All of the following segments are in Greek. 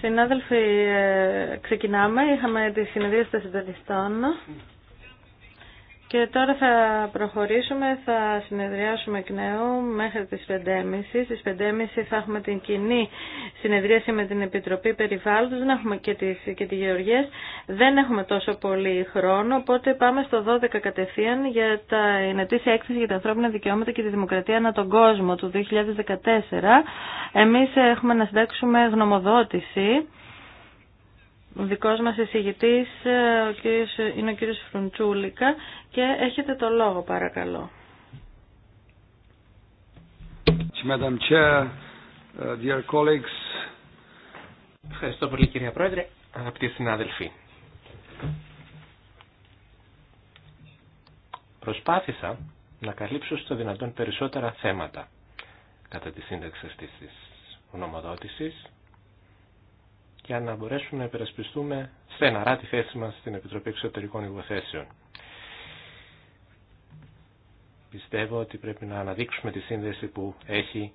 Συνάδελφοι, ε, ξεκινάμε. Είχαμε τη συνεδρία των συντονιστών. Και τώρα θα προχωρήσουμε, θα συνεδριάσουμε εκ νέου μέχρι τις 5.30. Στις 5.30 θα έχουμε την κοινή συνεδρίαση με την Επιτροπή Περιβάλλοντος δεν έχουμε και, τις, και τη γεωργίες. Δεν έχουμε τόσο πολύ χρόνο, οπότε πάμε στο 12 κατευθείαν για τα ενετήσια έκθεση για τα ανθρώπινα δικαιώματα και τη δημοκρατία ανά τον κόσμο του 2014. Εμείς έχουμε να συντάξουμε γνωμοδότηση ο δικός μας εισηγητής ε, είναι ο κύριος Φρουντσούλικα και έχετε το λόγο παρακαλώ. Uh, Ευχαριστώ πολύ κυρία Πρόεδρε, αγαπητοί συνάδελφοι. Προσπάθησα να καλύψω στο δυνατόν περισσότερα θέματα κατά τη σύνταξη της ονομοδότησης για να μπορέσουμε να υπερασπιστούμε στεναρά τη θέση μας στην Επιτροπή Εξωτερικών Υποθέσεων. Πιστεύω ότι πρέπει να αναδείξουμε τη σύνδεση που έχει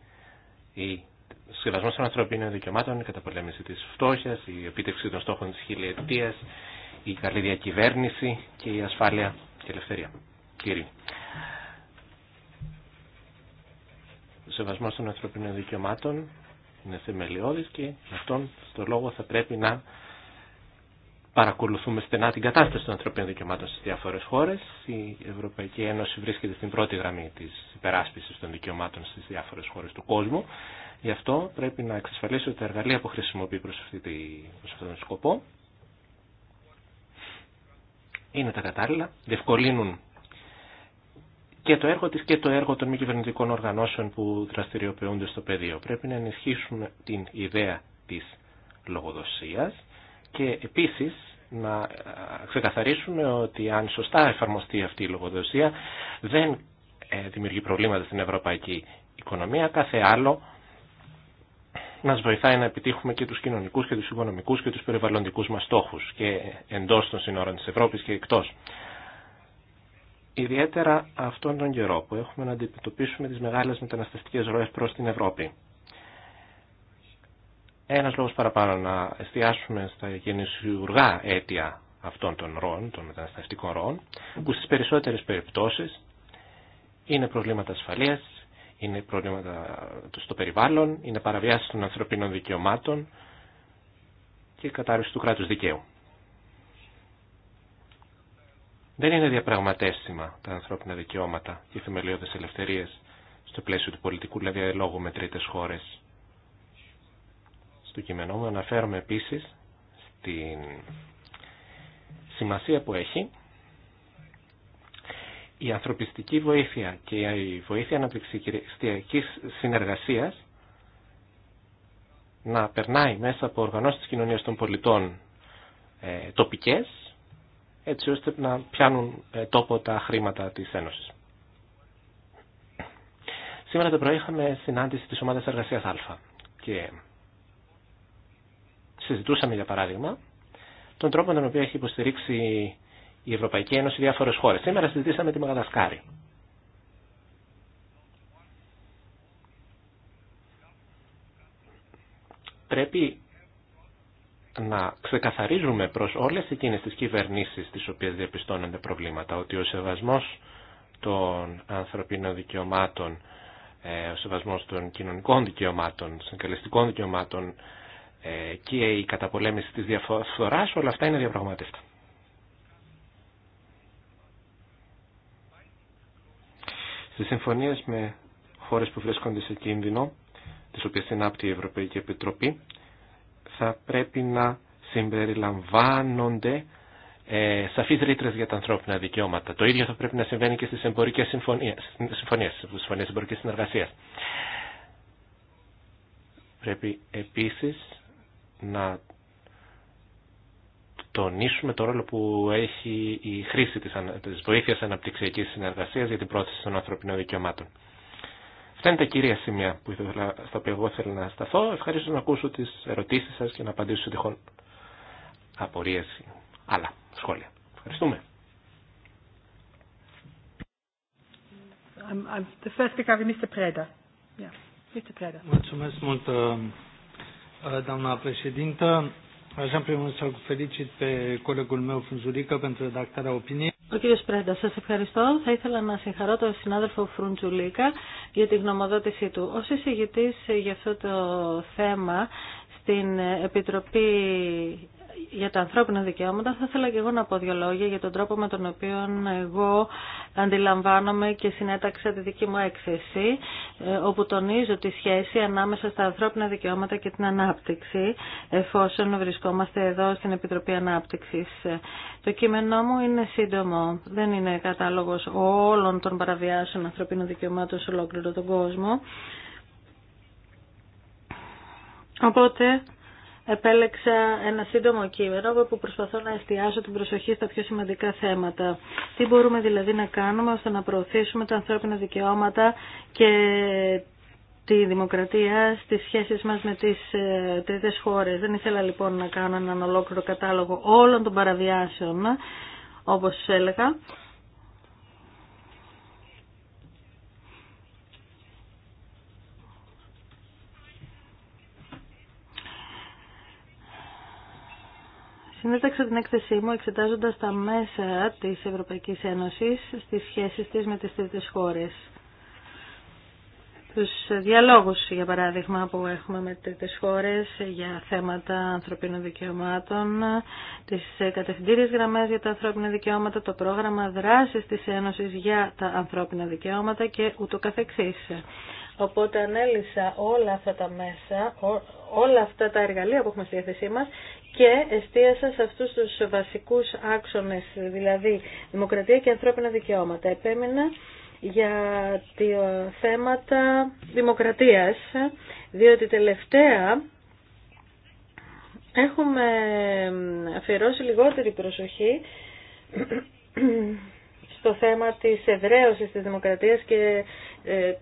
η σχεδιασμό των ανθρωπίνων δικαιωμάτων, η καταπολέμηση της φτώχειας, η επίτευξη των στόχων της χιλιετίας, η καλή διακυβέρνηση και η ασφάλεια και ελευθερία. Κύριε. Ο των ανθρωπίνων δικαιωμάτων είναι θεμελιώδης και με αυτόν στο λόγο θα πρέπει να παρακολουθούμε στενά την κατάσταση των ανθρωπίνων δικαιωμάτων στις διάφορες χώρες. Η Ευρωπαϊκή Ένωση βρίσκεται στην πρώτη γραμμή της υπεράσπισης των δικαιωμάτων στις διάφορες χώρες του κόσμου. Γι' αυτό πρέπει να εξασφαλίσει ότι τα εργαλεία που χρησιμοποιεί προς, τη, προς αυτόν τον σκοπό είναι τα κατάλληλα, διευκολύνουν και το έργο της και το έργο των μη κυβερνητικών οργανώσεων που δραστηριοποιούνται στο πεδίο. Πρέπει να ενισχύσουμε την ιδέα της λογοδοσίας και επίσης να ξεκαθαρίσουμε ότι αν σωστά εφαρμοστεί αυτή η λογοδοσία δεν ε, δημιουργεί προβλήματα στην ευρωπαϊκή οικονομία, κάθε άλλο μας βοηθάει να επιτύχουμε και τους κοινωνικούς και τους οικονομικούς και τους περιβαλλοντικούς μας στόχους και εντός των σύνορων της Ευρώπης και εκτός. Ιδιαίτερα αυτόν τον καιρό που έχουμε να αντιμετωπίσουμε τις μεγάλες μεταναστευτικές ροές προς την Ευρώπη. Ένας λόγος παραπάνω να εστιάσουμε στα γεννησιουργά αίτια αυτών των ροών, των μεταναστευτικών ροών, που στις περισσότερες περιπτώσεις είναι προβλήματα ασφαλείας, είναι προβλήματα στο περιβάλλον, είναι παραβιάσεις των ανθρωπίνων δικαιωμάτων και κατάρρευση του κράτους δικαίου δεν είναι διαπραγματεύσιμα τα ανθρώπινα δικαιώματα και οι θεμελιώδες ελευθερίες στο πλαίσιο του πολιτικού δηλαδή λόγω με τρίτες χώρες. Στο κείμενό μου αναφέρομαι επίσης στην σημασία που έχει η ανθρωπιστική βοήθεια και η βοήθεια αναπτυξιακής συνεργασίας να περνάει μέσα από οργανώσεις της κοινωνίας των πολιτών ε, τοπικές έτσι ώστε να πιάνουν ε, τόπο τα χρήματα της Ένωσης. Σήμερα το πρωί είχαμε συνάντηση της ομάδας εργασίας Α και συζητούσαμε για παράδειγμα τον τρόπο με τον οποίο έχει υποστηρίξει η Ευρωπαϊκή Ένωση διάφορες χώρες. Σήμερα συζητήσαμε τη Μαγαδασκάρη. Πρέπει να ξεκαθαρίζουμε προς όλες εκείνες τις κυβερνήσεις τις οποίες διαπιστώνονται προβλήματα ότι ο σεβασμός των ανθρωπίνων δικαιωμάτων, ε, ο σεβασμός των κοινωνικών δικαιωμάτων, των συγκαλιστικών δικαιωμάτων ε, και η καταπολέμηση της διαφθοράς, όλα αυτά είναι διαπραγματεύτα. Στις συμφωνίες με χώρες που βρίσκονται σε κίνδυνο, τις οποίες συνάπτει η Ευρωπαϊκή Επιτροπή, θα πρέπει να συμπεριλαμβάνονται ε, σαφείς ρήτρε για τα ανθρώπινα δικαιώματα. Το ίδιο θα πρέπει να συμβαίνει και στις εμπορικές συμφωνίες, συμφωνίες, συμφωνίες εμπορικής συνεργασίας. Πρέπει επίσης να τονίσουμε το ρόλο που έχει η χρήση της, της βοήθειας αναπτυξιακής συνεργασίας για την πρόθεση των ανθρωπινών δικαιωμάτων. Αυτά κυρία σημεία που ήθελα, στα οποία εγώ θέλω να σταθώ. Ευχαριστώ να ακούσω τις ερωτήσεις σας και να απαντήσω σε τυχόν απορίες ή άλλα σχόλια. Ευχαριστούμε. Ο κύριος Πρέντα, σας ευχαριστώ. Θα ήθελα να συγχαρώ τον συνάδελφο Φρουντζουλίκα για τη γνωμοδότησή του. Ως εισηγητής για αυτό το θέμα στην Επιτροπή για τα ανθρώπινα δικαιώματα, θα ήθελα και εγώ να πω δύο λόγια για τον τρόπο με τον οποίο εγώ αντιλαμβάνομαι και συνέταξα τη δική μου έκθεση, ε, όπου τονίζω τη σχέση ανάμεσα στα ανθρώπινα δικαιώματα και την ανάπτυξη, εφόσον βρισκόμαστε εδώ στην Επιτροπή Ανάπτυξης. Το κείμενό μου είναι σύντομο, δεν είναι κατάλογος όλων των παραβιάσεων ανθρωπίνων δικαιωμάτων σε ολόκληρο τον κόσμο. Οπότε επέλεξα ένα σύντομο κείμενο που προσπαθώ να εστιάσω την προσοχή στα πιο σημαντικά θέματα. Τι μπορούμε δηλαδή να κάνουμε ώστε να προωθήσουμε τα ανθρώπινα δικαιώματα και τη δημοκρατία στις σχέσεις μας με τις ε, τρίτες χώρες. Δεν ήθελα λοιπόν να κάνω έναν ολόκληρο κατάλογο όλων των παραβιάσεων, όπως έλεγα. Συνέταξα την έκθεσή μου εξετάζοντα τα μέσα της Ευρωπαϊκή Ένωσης στις σχέσεις της με τι τρίτε χώρε, του διαλόγου, για παράδειγμα, που έχουμε με τρίτε χώρε για θέματα ανθρωπίνων δικαιωμάτων, τι κατευθυντήριες γραμμέ για τα ανθρώπινα δικαιώματα, το πρόγραμμα Δράση της Ένωση για τα ανθρώπινα δικαιώματα και ούτω καθεξής. Οπότε ανέλησα όλα αυτά τα μέσα, ό, όλα αυτά τα εργαλεία που έχουμε στη διάθεσή μας και εστίασα σε αυτούς τους βασικούς άξονες, δηλαδή δημοκρατία και ανθρώπινα δικαιώματα. Επέμεινα για ε, θέματα δημοκρατίας, διότι τελευταία έχουμε αφιερώσει λιγότερη προσοχή στο θέμα της εδραίωσης της δημοκρατίας και ε,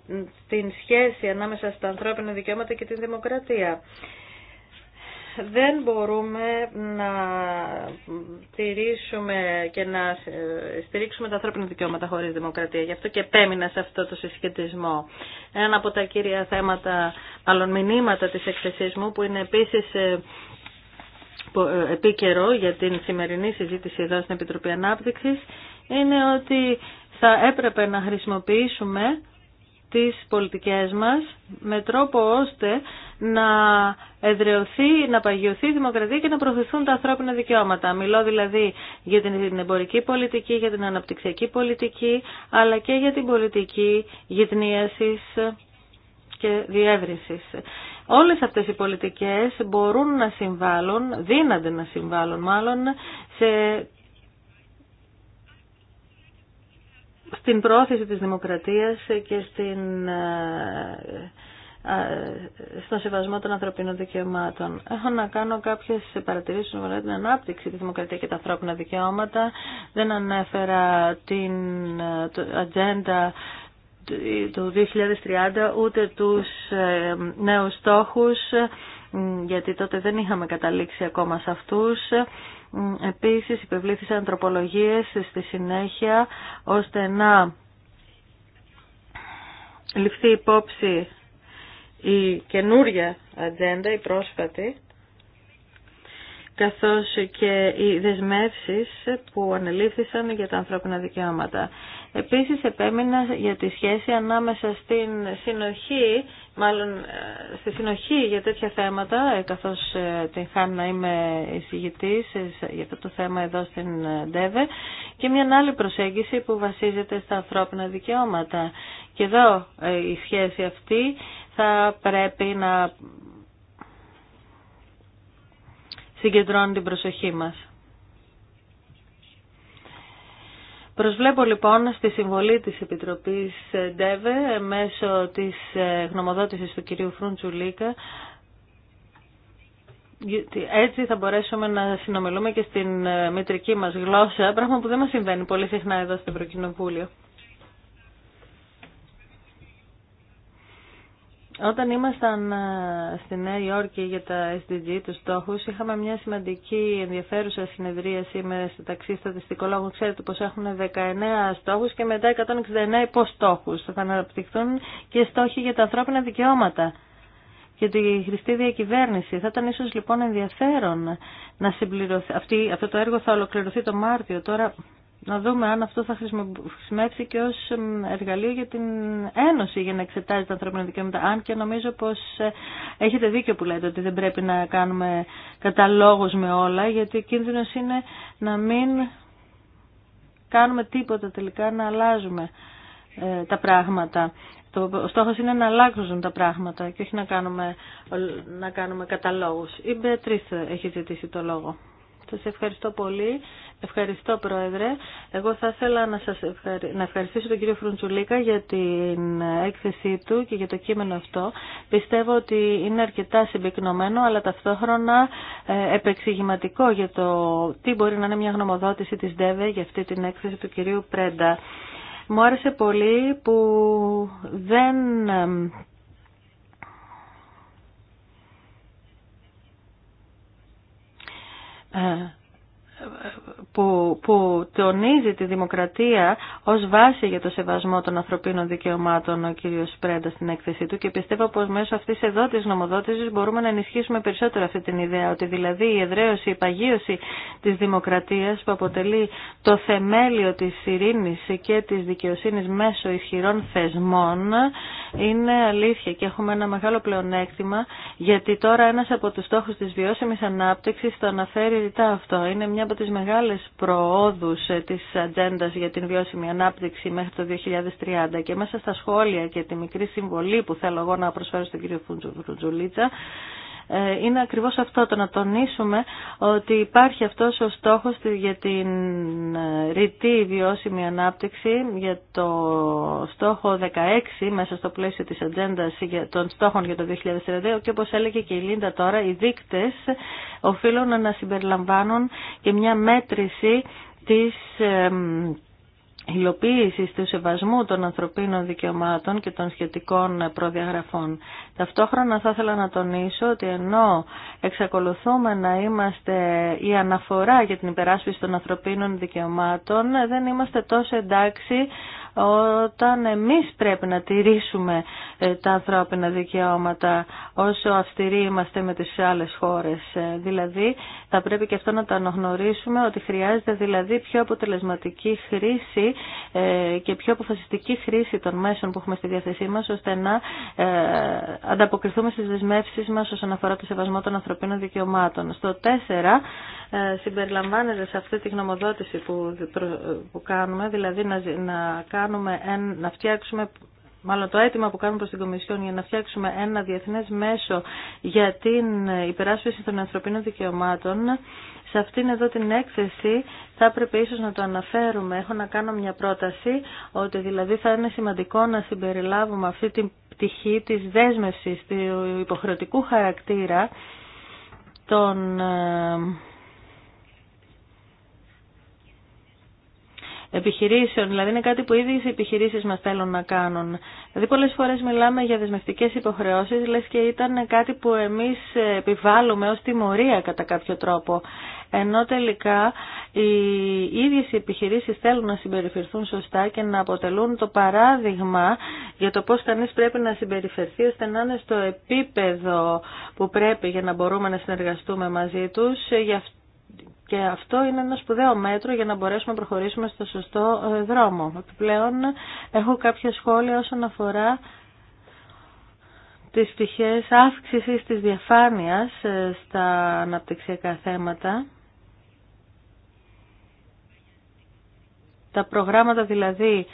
την σχέση ανάμεσα στα ανθρώπινα δικαιώματα και τη δημοκρατία δεν μπορούμε να στηρίξουμε και να στηρίξουμε τα ανθρώπινα δικαιώματα χωρίς δημοκρατία. Γι' αυτό και επέμεινα σε αυτό το συσχετισμό. Ένα από τα κύρια θέματα, μάλλον μηνύματα της εκθεσής μου, που είναι επίσης ε, ε, επίκαιρο για την σημερινή συζήτηση εδώ στην Επιτροπή Ανάπτυξης, είναι ότι θα έπρεπε να χρησιμοποιήσουμε τις πολιτικές μας με τρόπο ώστε να εδρεωθεί, να παγιωθεί η δημοκρατία και να προωθηθούν τα ανθρώπινα δικαιώματα. Μιλώ δηλαδή για την εμπορική πολιτική, για την αναπτυξιακή πολιτική, αλλά και για την πολιτική γυτνίασης και διεύρυνσης. Όλες αυτές οι πολιτικές μπορούν να συμβάλλουν, δύνανται να συμβάλλουν μάλλον, σε στην πρόθεση της δημοκρατίας και στην, ε, ε, στον σεβασμό των ανθρωπίνων δικαιωμάτων. Έχω να κάνω κάποιες παρατηρήσεις που με την ανάπτυξη, της δημοκρατίας και τα ανθρώπινα δικαιώματα. Δεν ανέφερα την ε, ατζέντα του 2030 ούτε τους νέους στόχους γιατί τότε δεν είχαμε καταλήξει ακόμα σε αυτούς. Επίσης υπευλήθησαν τροπολογίες στη συνέχεια ώστε να ληφθεί υπόψη η καινούρια ατζέντα, η πρόσφατη, καθώς και οι δεσμεύσεις που ανελήφθησαν για τα ανθρώπινα δικαιώματα. Επίσης επέμεινα για τη σχέση ανάμεσα στην συνοχή μάλλον ε, στη συνοχή για τέτοια θέματα, ε, καθώς ε, την χάνω να είμαι εισηγητής για αυτό το θέμα εδώ στην ΔΕΒΕ, και μια άλλη προσέγγιση που βασίζεται στα ανθρώπινα δικαιώματα. Και εδώ η σχέση αυτή θα πρέπει να συγκεντρώνει την προσοχή μας. Προσβλέπω λοιπόν στη συμβολή της Επιτροπής ΔΕΒΕ μέσω της ε, γνωμοδότησης του κυρίου Φρουντζουλίκα έτσι θα μπορέσουμε να συνομιλούμε και στην ε, μητρική μας γλώσσα, πράγμα που δεν μας συμβαίνει πολύ συχνά εδώ στο Ευρωκοινοβούλιο. Όταν ήμασταν ε, στη Νέα Υόρκη για τα SDG, τους στόχους, είχαμε μια σημαντική ενδιαφέρουσα συνεδρίαση με ταξί στατιστικολόγων. Ξέρετε πως έχουν 19 στόχους και μετά 169 υποστόχους. Θα αναπτυχθούν και στόχοι για τα ανθρώπινα δικαιώματα και τη χρηστή διακυβέρνηση. Θα ήταν ίσως λοιπόν ενδιαφέρον να συμπληρωθεί. Αυτή, αυτό το έργο θα ολοκληρωθεί το Μάρτιο. Τώρα να δούμε αν αυτό θα χρησιμεύσει και ως εργαλείο για την Ένωση για να εξετάζει τα ανθρώπινα δικαιώματα. Αν και νομίζω πως ε, έχετε δίκιο που λέτε ότι δεν πρέπει να κάνουμε καταλόγους με όλα, γιατί ο κίνδυνος είναι να μην κάνουμε τίποτα τελικά, να αλλάζουμε ε, τα πράγματα. Ο στόχος είναι να αλλάξουν τα πράγματα και όχι να κάνουμε, να κάνουμε καταλόγους. Η Μπέτρις έχει ζητήσει το λόγο. Σα ευχαριστώ πολύ. Ευχαριστώ Πρόεδρε. Εγώ θα ήθελα να, σας να ευχαριστήσω τον κύριο Φρουντσουλίκα για την έκθεσή του και για το κείμενο αυτό. Πιστεύω ότι είναι αρκετά συμπυκνωμένο αλλά ταυτόχρονα ε, επεξηγηματικό για το τι μπορεί να είναι μια γνωμοδότηση της ΔΕΒΕ για αυτή την έκθεση του κυρίου Πρέντα. Μου άρεσε πολύ που δεν ά. Ε, που, που τονίζει τη δημοκρατία ως βάση για το σεβασμό των ανθρωπίνων δικαιωμάτων ο κύριος Πρέντα στην έκθεσή του και πιστεύω πως μέσω αυτής εδώ της νομοδότησης μπορούμε να ενισχύσουμε περισσότερο αυτή την ιδέα ότι δηλαδή η εδραίωση, η παγίωση της δημοκρατίας που αποτελεί το θεμέλιο της ειρήνης και της δικαιοσύνης μέσω ισχυρών θεσμών είναι αλήθεια και έχουμε ένα μεγάλο πλεονέκτημα γιατί τώρα ένας από τους στόχους της βιώσιμης ανάπτυξης το αναφέρει ρητά αυτό. Είναι μια από τις μεγάλες προόδους ε, της ατζέντα για την βιώσιμη ανάπτυξη μέχρι το 2030 και μέσα στα σχόλια και τη μικρή συμβολή που θέλω εγώ να προσφέρω στον κύριο Φουντζουλίτσα ε, είναι ακριβώς αυτό το να τονίσουμε ότι υπάρχει αυτός ο στόχος για την ε, ρητή βιώσιμη ανάπτυξη, για το στόχο 16 μέσα στο πλαίσιο της ατζέντα των στόχων για το 2032 και όπως έλεγε και η Λίντα τώρα, οι δείκτες οφείλουν να συμπεριλαμβάνουν και μια μέτρηση της υλοποίησης του σεβασμού των ανθρωπίνων δικαιωμάτων και των σχετικών προδιαγραφών. Ταυτόχρονα θα ήθελα να τονίσω ότι ενώ εξακολουθούμε να είμαστε η αναφορά για την υπεράσπιση των ανθρωπίνων δικαιωμάτων, δεν είμαστε τόσο εντάξει όταν εμείς πρέπει να τηρήσουμε ε, τα ανθρώπινα δικαιώματα όσο αυστηροί είμαστε με τις άλλες χώρες. Ε, δηλαδή θα πρέπει και αυτό να το αναγνωρίσουμε ότι χρειάζεται δηλαδή πιο αποτελεσματική χρήση ε, και πιο αποφασιστική χρήση των μέσων που έχουμε στη διάθεσή μας ώστε να ανταποκριθούμε στις δεσμεύσεις μας όσον αφορά το σεβασμό των ανθρωπίνων δικαιωμάτων. Στο 4 συμπεριλαμβάνεται σε αυτή τη γνωμοδότηση που, κάνουμε, δηλαδή να, να κάνουμε, να φτιάξουμε μάλλον το αίτημα που κάνουμε προς την Κομισιόν για να φτιάξουμε ένα διεθνές μέσο για την υπεράσπιση των ανθρωπίνων δικαιωμάτων, σε αυτήν εδώ την έκθεση θα έπρεπε ίσως να το αναφέρουμε. Έχω να κάνω μια πρόταση ότι δηλαδή θα είναι σημαντικό να συμπεριλάβουμε αυτή την πτυχή της δέσμευσης του υποχρεωτικού χαρακτήρα των ε, επιχειρήσεων. Δηλαδή είναι κάτι που ήδη οι επιχειρήσει μα θέλουν να κάνουν. Δηλαδή πολλέ φορέ μιλάμε για δεσμευτικέ υποχρεώσει, λε και ήταν κάτι που εμεί επιβάλλουμε ω τιμωρία κατά κάποιο τρόπο. Ενώ τελικά οι ίδιε οι επιχειρήσει θέλουν να συμπεριφερθούν σωστά και να αποτελούν το παράδειγμα για το πώ κανεί πρέπει να συμπεριφερθεί ώστε να είναι στο επίπεδο που πρέπει για να μπορούμε να συνεργαστούμε μαζί του. Γι' Και αυτό είναι ένα σπουδαίο μέτρο για να μπορέσουμε να προχωρήσουμε στο σωστό ε, δρόμο. Επιπλέον έχω κάποια σχόλια όσον αφορά τις πτυχές αύξησης της διαφάνειας ε, στα αναπτυξιακά θέματα. Τα προγράμματα δηλαδή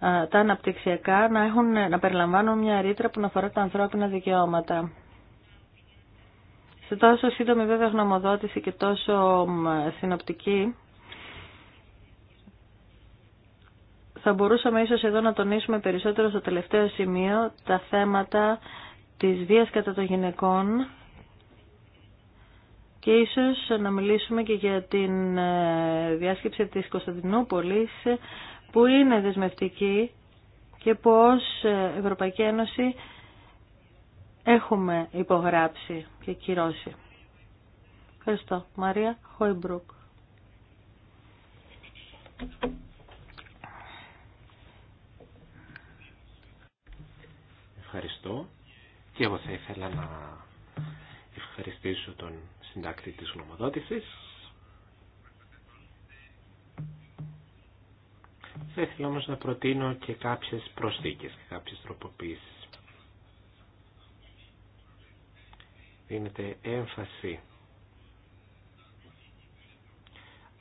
ε, τα αναπτυξιακά να, έχουν, να περιλαμβάνουν μια ρήτρα που να αφορά τα ανθρώπινα δικαιώματα. Σε τόσο σύντομη βέβαια γνωμοδότηση και τόσο συνοπτική, θα μπορούσαμε ίσως εδώ να τονίσουμε περισσότερο στο τελευταίο σημείο τα θέματα της βίας κατά των γυναικών και ίσως να μιλήσουμε και για την ε, διάσκεψη της Κωνσταντινούπολης που είναι δεσμευτική και που η ε, Ευρωπαϊκή Ένωση έχουμε υπογράψει και κυρώσει. Ευχαριστώ. Μαρία Χόιμπρουκ. Ευχαριστώ και εγώ θα ήθελα να ευχαριστήσω τον συντάκτη της γνωμοδότησης. Θα ήθελα όμως να προτείνω και κάποιες προσθήκες και κάποιες τροποποίησεις δίνεται έμφαση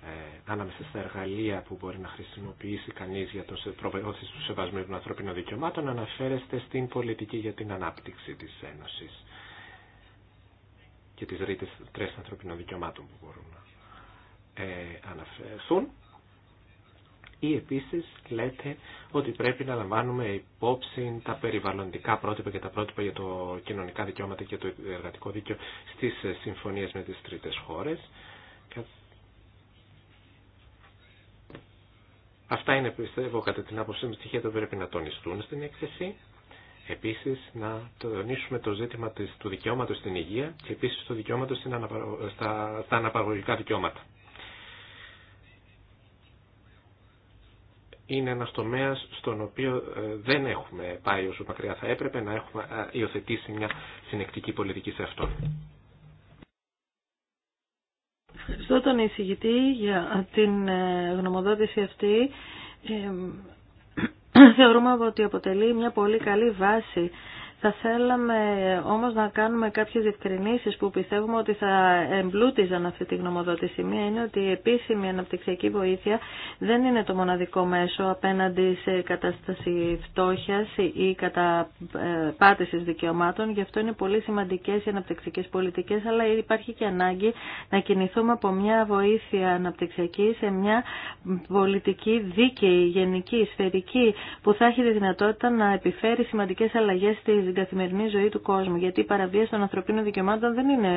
ε, ανάμεσα στα εργαλεία που μπορεί να χρησιμοποιήσει κανείς για τον προβεώθηση του σεβασμού των ανθρώπινων δικαιωμάτων αναφέρεστε στην πολιτική για την ανάπτυξη της Ένωσης και τις ρήτες τρεις ανθρωπινών δικαιωμάτων που μπορούν να ε, αναφερθούν. Ή επίσης λέτε ότι πρέπει να λαμβάνουμε υπόψη τα περιβαλλοντικά πρότυπα και τα πρότυπα για το κοινωνικά δικαιώματα και το εργατικό δίκαιο στις συμφωνίες με τις τρίτες χώρες. Αυτά είναι πιστεύω κατά την άποψή μου στοιχεία που πρέπει να τονιστούν στην έκθεση. Επίσης να τονίσουμε το ζήτημα του δικαιώματος στην υγεία και επίσης το δικαιώματος στα αναπαραγωγικά δικαιώματα. είναι ένας τομέας στον οποίο ε, δεν έχουμε πάει όσο μακριά θα έπρεπε να έχουμε ε, υιοθετήσει μια συνεκτική πολιτική σε αυτόν. Ευχαριστώ τον εισηγητή για την ε, γνωμοδότηση αυτή. Θεωρούμε ότι αποτελεί μια πολύ καλή βάση θα θέλαμε όμως να κάνουμε κάποιες διευκρινήσεις που πιστεύουμε ότι θα εμπλούτιζαν αυτή τη γνωμοδότηση. Μία είναι ότι η επίσημη αναπτυξιακή βοήθεια δεν είναι το μοναδικό μέσο απέναντι σε κατάσταση φτώχειας ή κατά ε, πάτησης δικαιωμάτων. Γι' αυτό είναι πολύ σημαντικές οι αναπτυξιακές πολιτικές, αλλά υπάρχει και ανάγκη να κινηθούμε από μια βοήθεια αναπτυξιακή σε μια πολιτική δίκαιη, γενική, σφαιρική, που θα έχει τη δυνατότητα να επιφέρει σημαντικές αλλαγές στις στην καθημερινή ζωή του κόσμου. Γιατί η παραβίαση των ανθρωπίνων δικαιωμάτων δεν είναι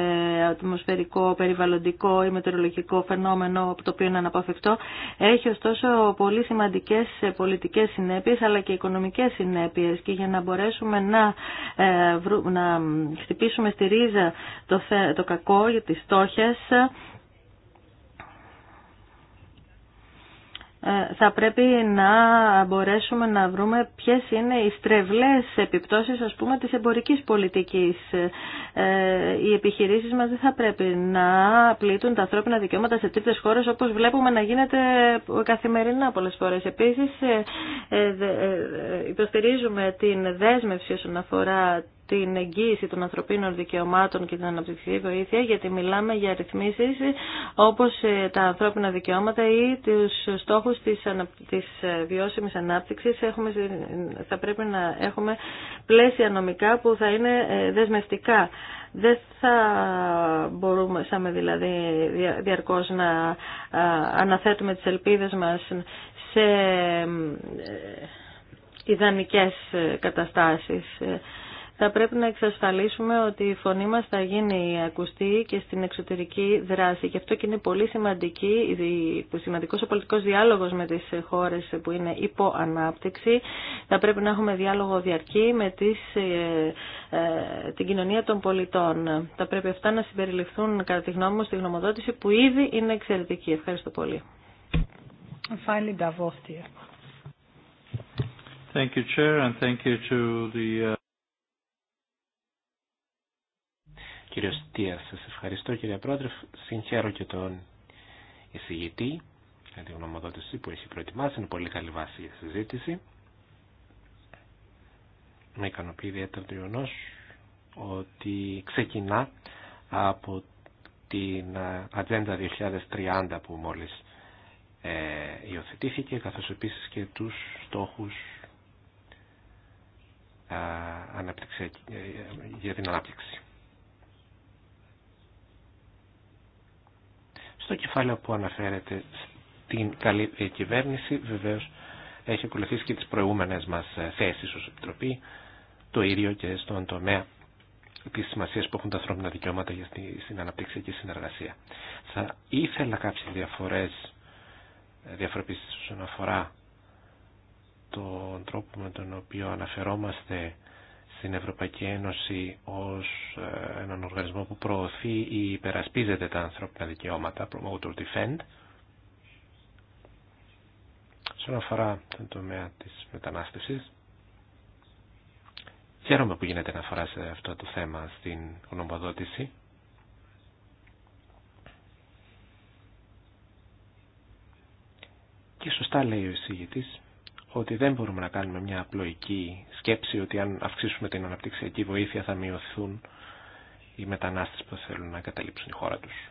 ατμοσφαιρικό, περιβαλλοντικό ή μετεωρολογικό φαινόμενο από το οποίο είναι αναποφευκτό. Έχει ωστόσο πολύ σημαντικέ πολιτικέ συνέπειε αλλά και οικονομικέ συνέπειε. Και για να μπορέσουμε να, ε, να χτυπήσουμε στη ρίζα το, το κακό για τι στόχε, Ε, θα πρέπει να μπορέσουμε να βρούμε ποιες είναι οι στρεβλές επιπτώσεις ας πούμε της εμπορικής πολιτικής. Ε, οι επιχειρήσεις μας δεν θα πρέπει να πλήττουν τα ανθρώπινα δικαιώματα σε τρίτες χώρες όπως βλέπουμε να γίνεται καθημερινά πολλές φορές. Επίσης ε, υποστηρίζουμε την δέσμευση όσον αφορά την εγγύηση των ανθρωπίνων δικαιωμάτων και την αναπτυξιακή βοήθεια, γιατί μιλάμε για ρυθμίσεις όπως ε, τα ανθρώπινα δικαιώματα ή τους στόχους της, ανα... της ε, βιώσιμης ανάπτυξης. Έχουμε... Θα πρέπει να έχουμε πλαίσια νομικά που θα είναι ε, δεσμευτικά. Δεν θα μπορούμε δηλαδή διαρκώς να αναθέτουμε τις ελπίδες μας σε ιδανικές καταστάσεις θα πρέπει να εξασφαλίσουμε ότι η φωνή μας θα γίνει ακουστή και στην εξωτερική δράση. Γι' αυτό και είναι πολύ σημαντική, σημαντικός ο πολιτικός διάλογος με τις χώρες που είναι υπό ανάπτυξη. Θα πρέπει να έχουμε διάλογο διαρκή με τις, ε, ε, την κοινωνία των πολιτών. Θα πρέπει αυτά να συμπεριληφθούν κατά τη γνώμη μου στη γνωμοδότηση που ήδη είναι εξαιρετική. Ευχαριστώ πολύ. Thank you, Chair, and thank you to the... Uh, Κύριο Στία, σα ευχαριστώ κύριε Πρόεδρε. Συγχαίρω και τον εισηγητή για την γνωμοδότηση που έχει προετοιμάσει. Είναι πολύ καλή βάση για συζήτηση. Με ικανοποιεί ιδιαίτερα το γεγονό ότι ξεκινά από την Ατζέντα 2030 που μόλις ε, υιοθετήθηκε καθώς επίσης και τους στόχους ε, ε, για την ανάπτυξη. Το κεφάλαιο που αναφέρεται στην καλή κυβέρνηση βεβαίως έχει ακολουθήσει και τις προηγούμενες μας ε, θέσεις ως Επιτροπή, το ίδιο και στον τομέα της σημασία που έχουν τα ανθρώπινα δικαιώματα για στην και συνεργασία. Θα ήθελα κάποιε διαφορές, ε, διαφορετήσεις όσον αφορά τον τρόπο με τον οποίο αναφερόμαστε στην Ευρωπαϊκή Ένωση ως ε, έναν οργανισμό που προωθεί ή υπερασπίζεται τα ανθρώπινα δικαιώματα, Promote or Defend. Σε αφορά τον τομέα της μετανάστευσης, χαίρομαι που γίνεται αναφορά σε αυτό το θέμα στην ονομαδότηση. Και σωστά λέει ο εισηγητής ότι δεν μπορούμε να κάνουμε μια απλοϊκή σκέψη ότι αν αυξήσουμε την αναπτυξιακή βοήθεια θα μειωθούν οι μετανάστες που θέλουν να καταλήψουν τη χώρα τους.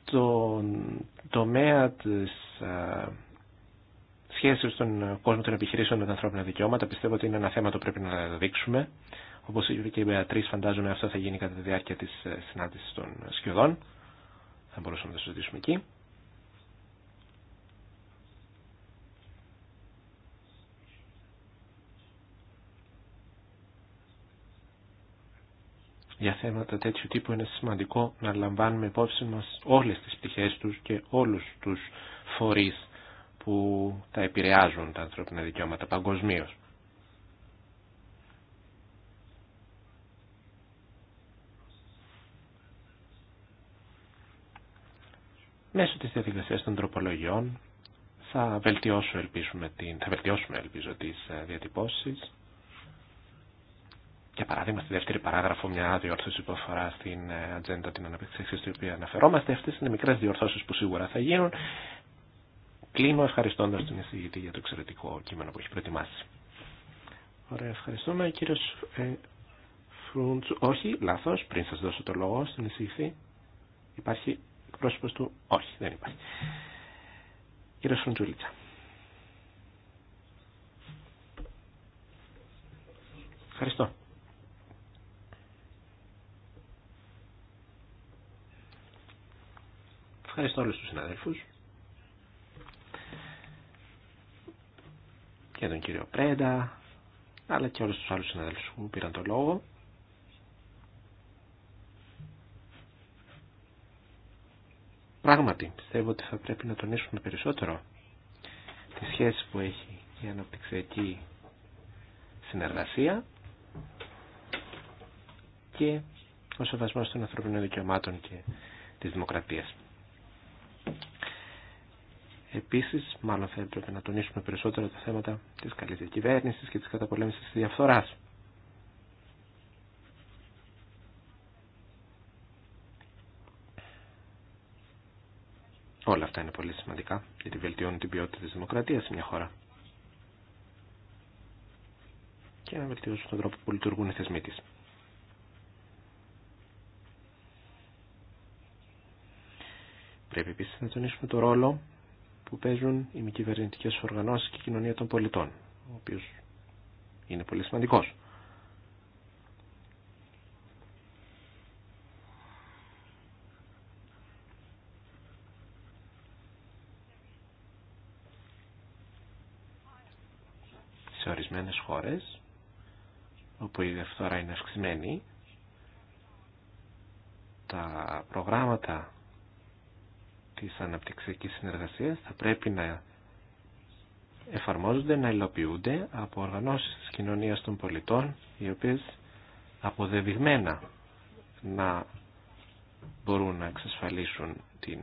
Στον τομέα της σχέσης των κόσμων των επιχειρήσεων με τα ανθρώπινα δικαιώματα πιστεύω ότι είναι ένα θέμα το πρέπει να δείξουμε. Όπως είπε και η Μπεατρής φαντάζομαι αυτό θα γίνει κατά τη διάρκεια της ε, συνάντησης των σκιωδών. Θα μπορούσαμε να το συζητήσουμε εκεί. για θέματα τέτοιου τύπου είναι σημαντικό να λαμβάνουμε υπόψη μας όλες τις πτυχές τους και όλους τους φορείς που τα επηρεάζουν τα ανθρώπινα δικαιώματα παγκοσμίω. Μέσω της διαδικασίας των τροπολογιών θα βελτιώσουμε, την, θα βελτιώσουμε ελπίζω τις ε, διατυπώσεις για παράδειγμα στη δεύτερη παράγραφο μια διορθώση που αφορά στην ε, ατζέντα την αναπτυξιακή στην οποία αναφερόμαστε. αυτέ είναι μικρέ διορθώσει που σίγουρα θα γίνουν. Κλείνω ευχαριστώντα τον εισηγητή για το εξαιρετικό κείμενο που έχει προετοιμάσει. Ωραία, ευχαριστούμε. Κύριο ε, όχι, λάθο, πριν σα δώσω το λόγο στην εισηγητή. Υπάρχει εκπρόσωπο του, όχι, δεν υπάρχει. Κύριο Φρούντζουλίτσα. Ευχαριστώ. Ευχαριστώ όλους τους συναδέλφους. Και τον κύριο Πρέντα, αλλά και όλους τους άλλους συναδέλφους που πήραν το λόγο. Πράγματι, πιστεύω ότι θα πρέπει να τονίσουμε περισσότερο τη σχέση που έχει η αναπτυξιακή συνεργασία και ο σεβασμός των ανθρωπινών δικαιωμάτων και της δημοκρατίας. Επίσης, μάλλον θα έπρεπε να τονίσουμε περισσότερο τα θέματα της καλή διακυβέρνηση και τη καταπολέμησης της διαφθοράς. Όλα αυτά είναι πολύ σημαντικά γιατί βελτιώνουν την ποιότητα της δημοκρατίας σε μια χώρα και να βελτιώσουν τον τρόπο που λειτουργούν οι θεσμοί της. Πρέπει επίση να τονίσουμε το ρόλο που παίζουν οι μη κυβερνητικέ οργανώσει και η κοινωνία των πολιτών, ο οποίο είναι πολύ σημαντικό. Σε ορισμένε χώρε, όπου η διαφθορά είναι αυξημένη, τα προγράμματα της αναπτυξιακής συνεργασίας θα πρέπει να εφαρμόζονται, να υλοποιούνται από οργανώσεις της κοινωνίας των πολιτών, οι οποίες αποδεδειγμένα να μπορούν να εξασφαλίσουν την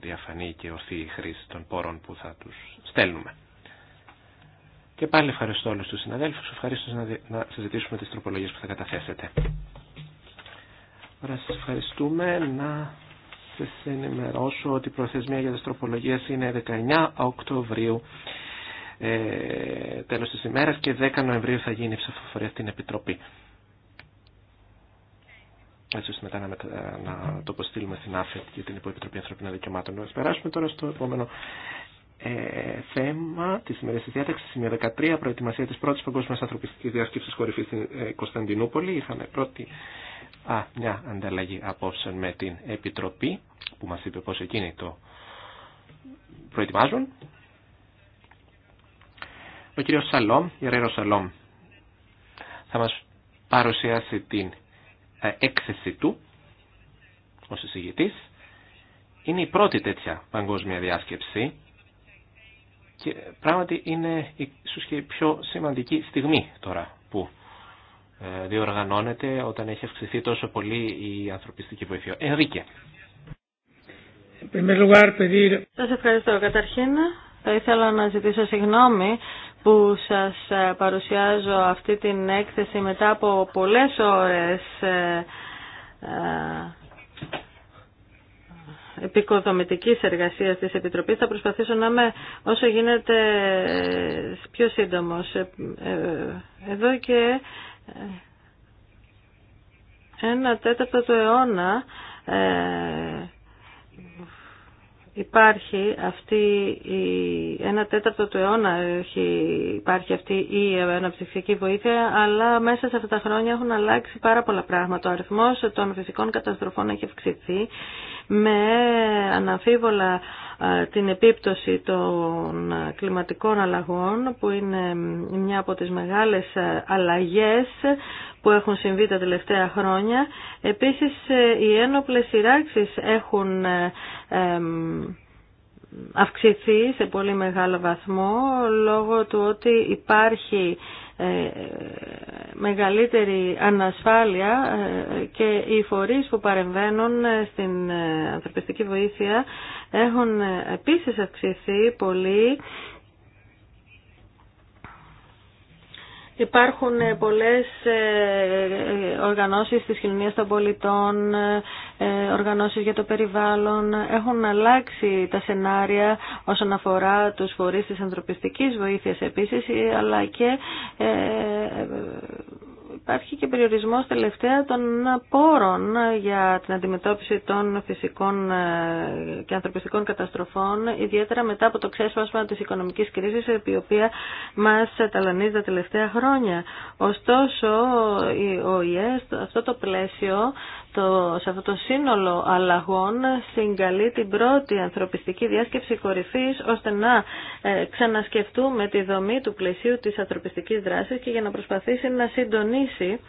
διαφανή και ορθή χρήση των πόρων που θα τους στέλνουμε. Και πάλι ευχαριστώ όλους τους συναδέλφους, ευχαριστώ να συζητήσουμε τις τροπολογίες που θα καταθέσετε. Ωραία, σας ευχαριστούμε να Σα ενημερώσω ότι η προθεσμία για τις τροπολογίες είναι 19 Οκτωβρίου ε, τέλος της ημέρας και 10 Νοεμβρίου θα γίνει η ψηφοφορία στην Επιτροπή. Έτσι ώστε μετά να, μετα... να το αποστείλουμε στην ΑΦΕΤ για την Υποεπιτροπή Ανθρωπίνων Δικαιωμάτων. Να περάσουμε τώρα στο επόμενο ε, θέμα της τη διάταξη. σημείο 13, προετοιμασία τη πρώτης παγκόσμια ανθρωπιστικής διασκέψη Κορυφή στην ε, Κωνσταντινούπολη. Είχαμε πρώτη Α, μια ανταλλαγή απόψεων με την Επιτροπή που μας είπε πως εκείνη το προετοιμάζουν. Ο κύριος Σαλόμ, Σαλόμ, θα μας παρουσιάσει την ε, έκθεση του ως εισηγητής. Είναι η πρώτη τέτοια παγκόσμια διάσκεψη και πράγματι είναι ίσως και η πιο σημαντική στιγμή τώρα που ε, διοργανώνεται όταν έχει αυξηθεί τόσο πολύ η ανθρωπιστική βοήθεια. Ενρίκε. Σας ευχαριστώ. Καταρχήν θα ήθελα να ζητήσω συγγνώμη που σας ε, παρουσιάζω αυτή την έκθεση μετά από πολλές ώρες ε, επικοδομητικής εργασίας της Επιτροπής. Θα προσπαθήσω να είμαι όσο γίνεται πιο σύντομος. Εδώ και ένα τέταρτο του αιώνα ε, υπάρχει αυτή η, ένα τέταρτο του αιώνα υπάρχει αυτή η αναψηφιακή βοήθεια αλλά μέσα σε αυτά τα χρόνια έχουν αλλάξει πάρα πολλά πράγματα. Ο αριθμός των φυσικών καταστροφών έχει αυξηθεί με αναμφίβολα την επίπτωση των κλιματικών αλλαγών που είναι μια από τις μεγάλες αλλαγές που έχουν συμβεί τα τελευταία χρόνια. Επίσης ε, οι ένοπλες σειράξεις έχουν ε, αυξηθεί σε πολύ μεγάλο βαθμό λόγω του ότι υπάρχει ε, μεγαλύτερη ανασφάλεια ε, και οι φορείς που παρεμβαίνουν ε, στην ανθρωπιστική βοήθεια έχουν επίσης αυξηθεί πολύ Υπάρχουν ε, πολλές ε, ε, οργανώσεις της κοινωνίας των πολιτών, οργανώσεις για το περιβάλλον. Έχουν αλλάξει τα σενάρια όσον αφορά τους φορείς της ανθρωπιστικής βοήθειας επίσης, αλλά και υπάρχει και περιορισμός τελευταία των πόρων για την αντιμετώπιση των φυσικών ε, και ανθρωπιστικών καταστροφών, ιδιαίτερα μετά από το ξέσπασμα της οικονομικής κρίσης, η οποία μας ταλανίζει τα τελευταία χρόνια. Ωστόσο, ο ΙΕΣ, αυτό το πλαίσιο σε αυτό το σύνολο αλλαγών συγκαλεί την πρώτη ανθρωπιστική διάσκεψη κορυφής ώστε να ε, ξανασκεφτούμε τη δομή του πλαισίου της ανθρωπιστικής δράσης και για να προσπαθήσει να συντονίσει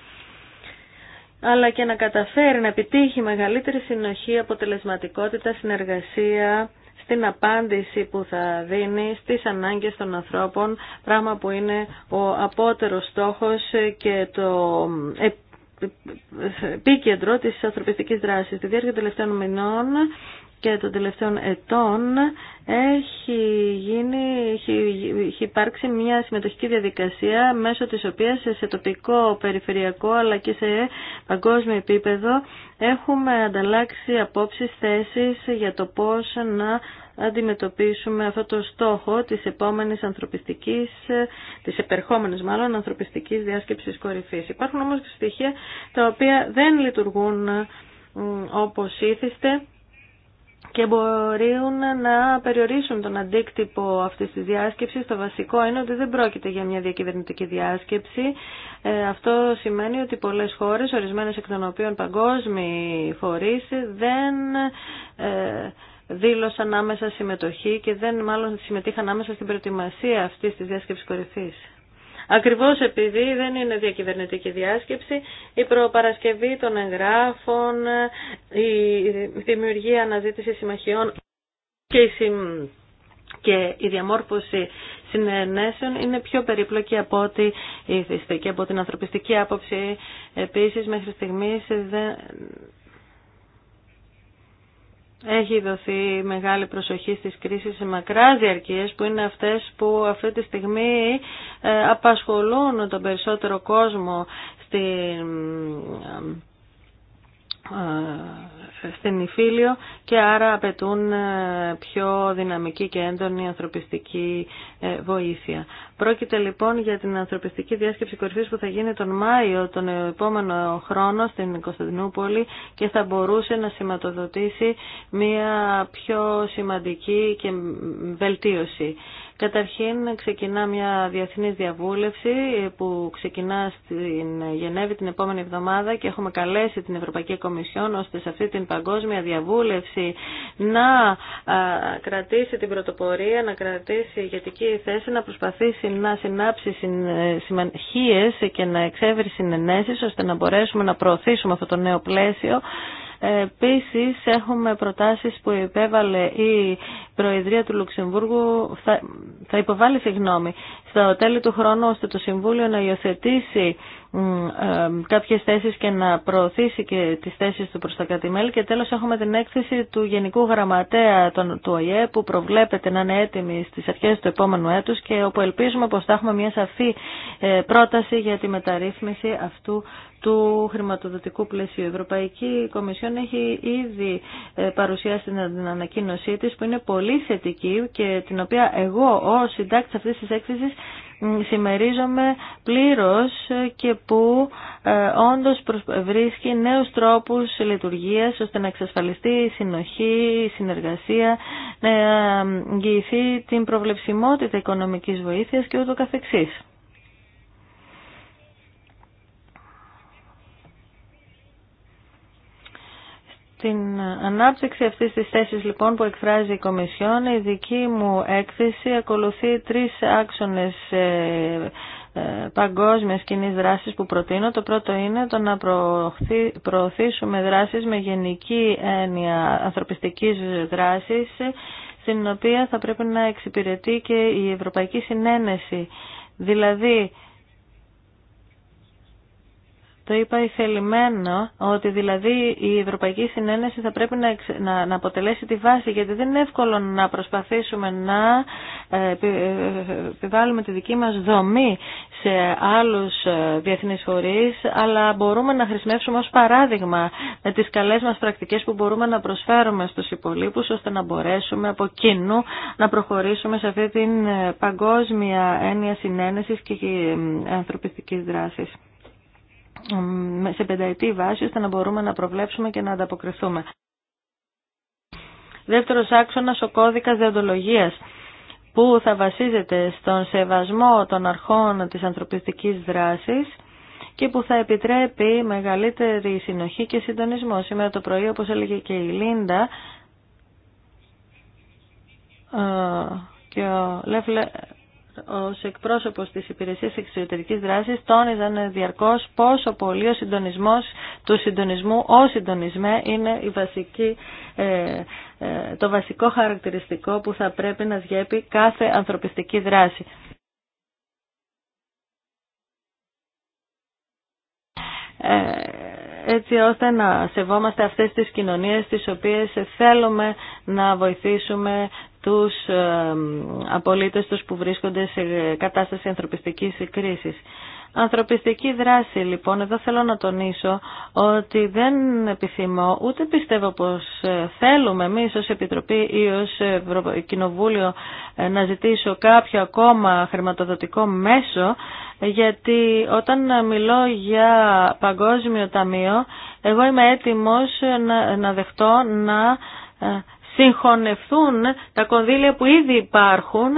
αλλά και να καταφέρει να επιτύχει μεγαλύτερη συνοχή, αποτελεσματικότητα, συνεργασία στην απάντηση που θα δίνει στις ανάγκες των ανθρώπων, πράγμα που είναι ο απότερος στόχος και το ε, επίκεντρο της ανθρωπιστικής δράσης. Τη διάρκεια των τελευταίων μηνών και των τελευταίων ετών έχει, γίνει, έχει, έχει υπάρξει μια συμμετοχική διαδικασία μέσω της οποίας σε τοπικό, περιφερειακό αλλά και σε παγκόσμιο επίπεδο έχουμε ανταλλάξει απόψεις, θέσεις για το πώς να αντιμετωπίσουμε αυτό το στόχο της επόμενης ανθρωπιστικής, της επερχόμενης μάλλον ανθρωπιστικής διάσκεψης κορυφής. Υπάρχουν όμως στοιχεία τα οποία δεν λειτουργούν όπως ήθιστε και μπορεί να περιορίσουν τον αντίκτυπο αυτής της διάσκεψης. Το βασικό είναι ότι δεν πρόκειται για μια διακυβερνητική διάσκεψη. Ε, αυτό σημαίνει ότι πολλές χώρες, ορισμένες εκ των οποίων παγκόσμιοι φορείς, δεν ε, δήλωσαν άμεσα συμμετοχή και δεν μάλλον συμμετείχαν άμεσα στην προετοιμασία αυτή τη διάσκεψης κορυφή. Ακριβώς επειδή δεν είναι διακυβερνητική διάσκεψη, η προπαρασκευή των εγγράφων, η δημιουργία αναζήτηση συμμαχιών και η, και η διαμόρφωση συνενέσεων είναι πιο περίπλοκη από ό,τι και από την ανθρωπιστική άποψη. επίση, μέχρι στιγμή δεν έχει δοθεί μεγάλη προσοχή στις κρίσεις σε μακρά διαρκείες που είναι αυτές που αυτή τη στιγμή ε, απασχολούν τον περισσότερο κόσμο στην ε, στην Ιφίλιο και άρα απαιτούν ε, πιο δυναμική και έντονη ανθρωπιστική ε, βοήθεια. Πρόκειται λοιπόν για την ανθρωπιστική διάσκεψη κορυφής που θα γίνει τον Μάιο τον επόμενο χρόνο στην Κωνσταντινούπολη και θα μπορούσε να σηματοδοτήσει μια πιο σημαντική και βελτίωση. Καταρχήν ξεκινά μια διεθνής διαβούλευση ε, που ξεκινά στην Γενέβη την επόμενη εβδομάδα και έχουμε καλέσει την Ευρωπαϊκή Κομισιόν ώστε σε αυτή την παγκόσμια διαβούλευση να κρατήσει την πρωτοπορία, να κρατήσει ηγετική θέση, να προσπαθήσει να συνάψει ε, συμμαχίες και να εξέβρει συνενέσεις ώστε να μπορέσουμε να προωθήσουμε αυτό το νέο πλαίσιο Επίση, έχουμε προτάσεις που υπέβαλε η Προεδρία του Λουξεμβούργου, θα, θα υποβάλει συγγνώμη, στο τέλη του χρόνου ώστε το Συμβούλιο να υιοθετήσει ε, κάποιες θέσεις και να προωθήσει και τις θέσεις του προς τα κατημέλη και τέλος έχουμε την έκθεση του Γενικού Γραμματέα του ΟΗΕ που προβλέπεται να είναι έτοιμη στις αρχές του επόμενου έτους και όπου ελπίζουμε πως θα έχουμε μια σαφή ε, πρόταση για τη μεταρρύθμιση αυτού του χρηματοδοτικού πλαισίου. Η Ευρωπαϊκή Κομισιόν έχει ήδη ε, παρουσιάσει την ανακοίνωσή της που είναι πολύ θετική και την οποία εγώ ως συντάκτης αυτής της έκθεσης συμμερίζομαι πλήρως και που ε, όντως βρίσκει νέους τρόπους λειτουργίας ώστε να εξασφαλιστεί η συνοχή, η συνεργασία, να ε, εγγυηθεί την προβλεψιμότητα οικονομικής βοήθειας και ούτω καθεξής. Στην ανάπτυξη αυτής της θέσης λοιπόν που εκφράζει η Κομισιόν, η δική μου έκθεση ακολουθεί τρεις άξονες ε, ε, παγκόσμια κοινή δράση που προτείνω. Το πρώτο είναι το να προωθήσουμε δράσεις με γενική έννοια ανθρωπιστικής δράσης, στην οποία θα πρέπει να εξυπηρετεί και η Ευρωπαϊκή Συνένεση. Δηλαδή, το είπα ηθελημένο ότι δηλαδή η Ευρωπαϊκή Συνένεση θα πρέπει να, να, αποτελέσει τη βάση γιατί δεν είναι εύκολο να προσπαθήσουμε να ε, ε, επιβάλλουμε τη δική μας δομή σε άλλους ε, διεθνείς φορείς αλλά μπορούμε να χρησιμεύσουμε ως παράδειγμα με τις καλές μας πρακτικές που μπορούμε να προσφέρουμε στους υπολείπους ώστε να μπορέσουμε από κοινού να προχωρήσουμε σε αυτή την παγκόσμια έννοια συνένεσης και ανθρωπιστικής δράσης σε πενταετή βάση ώστε να μπορούμε να προβλέψουμε και να ανταποκριθούμε. Δεύτερος άξονας ο κώδικας διοντολογίας που θα βασίζεται στον σεβασμό των αρχών της ανθρωπιστικής δράσης και που θα επιτρέπει μεγαλύτερη συνοχή και συντονισμό. Σήμερα το πρωί, όπως έλεγε και η Λίντα ε, και ο Λεφλε ω εκπρόσωπο τη Υπηρεσία Εξωτερική δράση τόνιζαν διαρκώ πόσο πολύ ο συντονισμό του συντονισμού ω συντονισμέ είναι βασική, ε, ε, το βασικό χαρακτηριστικό που θα πρέπει να διέπει κάθε ανθρωπιστική δράση. Ε, έτσι ώστε να σεβόμαστε αυτές τις κοινωνίες τις οποίες θέλουμε να βοηθήσουμε τους ε, απολύτες τους που βρίσκονται σε κατάσταση ανθρωπιστικής κρίσης. Ανθρωπιστική δράση λοιπόν, εδώ θέλω να τονίσω ότι δεν επιθυμώ, ούτε πιστεύω πως ε, θέλουμε εμεί ως Επιτροπή ή ως Κοινοβούλιο ε, να ζητήσω κάποιο ακόμα χρηματοδοτικό μέσο, γιατί όταν μιλώ για παγκόσμιο ταμείο, εγώ είμαι έτοιμος να δεχτώ να συγχωνευτούν τα κονδύλια που ήδη υπάρχουν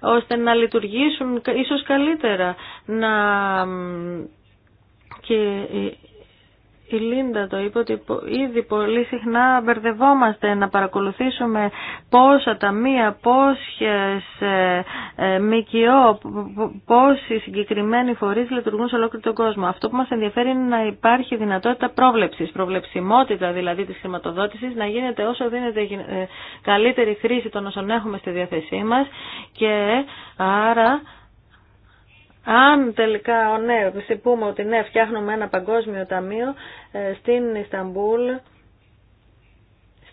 ώστε να λειτουργήσουν ίσως καλύτερα. Να... Και ε, η Λίντα το είπε ότι ήδη πολύ συχνά μπερδευόμαστε να παρακολουθήσουμε πόσα ταμεία, πόσες ε, ε, ΜΚΟ, πόσοι συγκεκριμένοι φορείς λειτουργούν σε ολόκληρο τον κόσμο. Αυτό που μας ενδιαφέρει είναι να υπάρχει δυνατότητα πρόβλεψης, προβλεψιμότητα δηλαδή της χρηματοδότησης, να γίνεται όσο δίνεται ε, καλύτερη χρήση των όσων έχουμε στη διάθεσή μας και άρα αν τελικά, ναι, πούμε ότι ναι, φτιάχνουμε ένα παγκόσμιο ταμείο ε, στην Ισταμπούλ,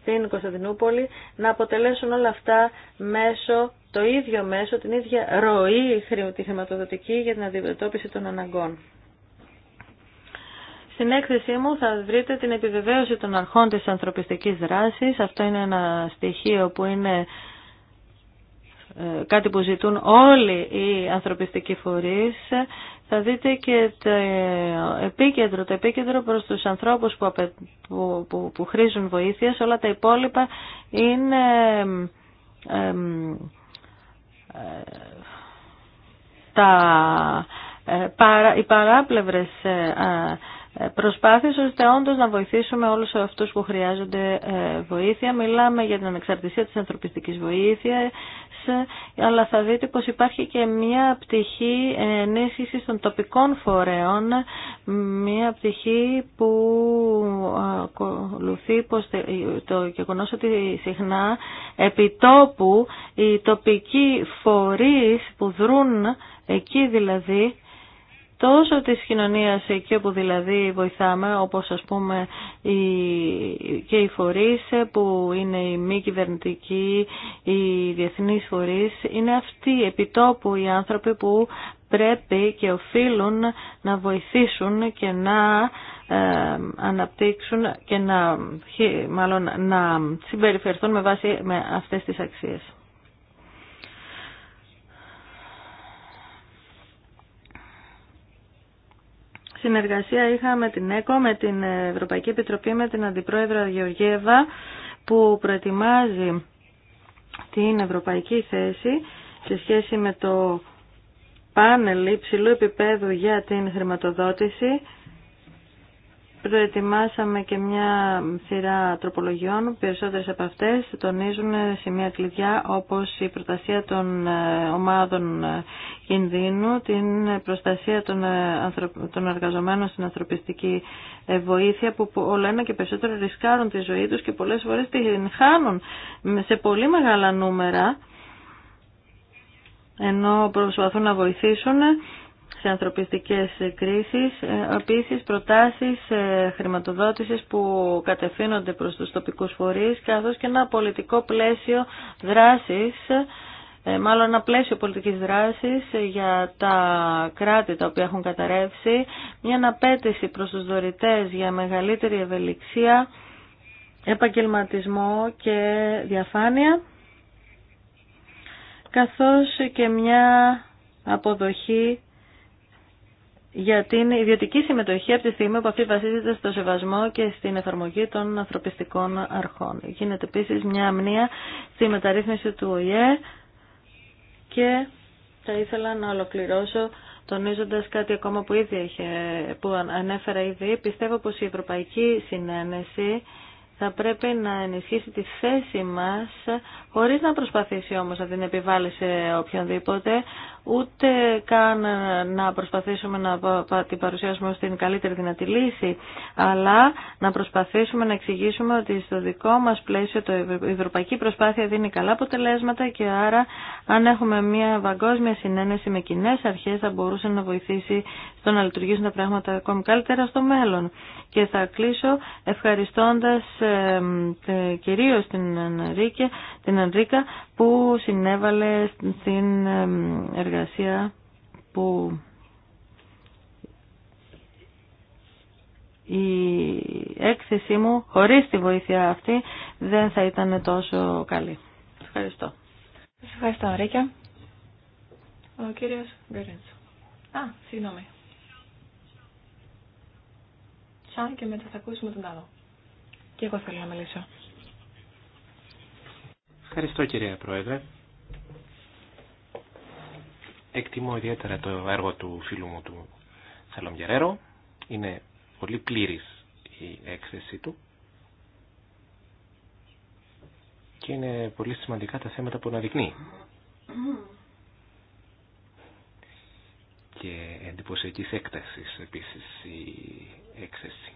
στην Κωνσταντινούπολη, να αποτελέσουν όλα αυτά μέσω, το ίδιο μέσο, την ίδια ροή τη χρηματοδοτική για την αντιμετώπιση των αναγκών. Στην έκθεσή μου θα βρείτε την επιβεβαίωση των αρχών της ανθρωπιστικής δράσης. Αυτό είναι ένα στοιχείο που είναι κάτι που ζητούν όλοι οι ανθρωπιστικοί φορείς, θα δείτε και το επίκεντρο, το επίκεντρο προς τους ανθρώπους που, απε... που, που, χρήζουν βοήθειας, όλα τα υπόλοιπα είναι... Ε, τα, ε, παρα, οι παράπλευρες ε, προσπάθειες ώστε όντως να βοηθήσουμε όλους αυτούς που χρειάζονται βοήθεια. Μιλάμε για την ανεξαρτησία της ανθρωπιστικής βοήθειας, αλλά θα δείτε πως υπάρχει και μία πτυχή ενίσχυση των τοπικών φορέων, μία πτυχή που ακολουθεί πως το γεγονό ότι συχνά επιτόπου οι τοπικοί φορείς που δρούν εκεί δηλαδή τόσο της κοινωνίας εκεί όπου δηλαδή βοηθάμε, όπως ας πούμε και οι φορείς που είναι οι μη κυβερνητικοί, οι διεθνείς φορείς, είναι αυτοί επιτόπου οι άνθρωποι που πρέπει και οφείλουν να βοηθήσουν και να ε, αναπτύξουν και να, μάλλον, να συμπεριφερθούν με βάση με αυτές τις αξίες. συνεργασία είχα με την ΕΚΟ, με την Ευρωπαϊκή Επιτροπή, με την Αντιπρόεδρο Γεωργέβα, που προετοιμάζει την ευρωπαϊκή θέση σε σχέση με το πάνελ υψηλού επίπεδου για την χρηματοδότηση Προετοιμάσαμε και μια σειρά τροπολογιών, περισσότερες από αυτές τονίζουν μια κλειδιά όπως η προστασία των ε, ομάδων ε, κινδύνου, την προστασία των, ε, εργαζομένων στην ανθρωπιστική βοήθεια που όλο ένα και περισσότερο ρισκάρουν τη ζωή τους και πολλές φορές την χάνουν σε πολύ μεγάλα νούμερα ενώ προσπαθούν να βοηθήσουν σε ανθρωπιστικές κρίσεις, ε, επίση προτάσεις ε, χρηματοδότησης που κατευθύνονται προς τους τοπικούς φορείς, καθώς και ένα πολιτικό πλαίσιο δράσης, ε, μάλλον ένα πλαίσιο πολιτικής δράσης για τα κράτη τα οποία έχουν καταρρεύσει, μια αναπέτηση προς τους δωρητές για μεγαλύτερη ευελιξία, επαγγελματισμό και διαφάνεια, καθώς και μια αποδοχή για την ιδιωτική συμμετοχή από τη στιγμή που αυτή βασίζεται στο σεβασμό και στην εφαρμογή των ανθρωπιστικών αρχών. Γίνεται επίση μια αμνία στη μεταρρύθμιση του ΟΗΕ και θα ήθελα να ολοκληρώσω τονίζοντας κάτι ακόμα που, ήδη που ανέφερα ήδη. Πιστεύω πως η Ευρωπαϊκή Συνένεση θα πρέπει να ενισχύσει τη θέση μας, χωρίς να προσπαθήσει όμως να την επιβάλλει σε οποιονδήποτε, ούτε καν να προσπαθήσουμε να την παρουσιάσουμε στην καλύτερη δυνατή λύση, αλλά να προσπαθήσουμε να εξηγήσουμε ότι στο δικό μας πλαίσιο το η ευρωπαϊκή προσπάθεια δίνει καλά αποτελέσματα και άρα αν έχουμε μια παγκόσμια συνένεση με κοινέ αρχές θα μπορούσε να βοηθήσει στο να λειτουργήσουν τα πράγματα ακόμη καλύτερα στο μέλλον. Και θα κλείσω ευχαριστώντας ε, κυρίως την Ενρίκα που συνέβαλε στην εργασία διαδικασία που η έκθεσή μου χωρίς τη βοήθεια αυτή δεν θα ήταν τόσο καλή. Σας ευχαριστώ. Σας ευχαριστώ, Ρίκια. Ο κύριος Γκέρεντς. Α, συγγνώμη. Σαν και μετά θα ακούσουμε τον άλλο. Και εγώ θέλω να μιλήσω. Ευχαριστώ, κυρία Πρόεδρε. Εκτιμώ ιδιαίτερα το έργο του φίλου μου του Σαλομγερέρο. Είναι πολύ πλήρης η έκθεσή του. Και είναι πολύ σημαντικά τα θέματα που αναδεικνύει. Και εντυπωσιακή έκταση επίσης η έκθεση.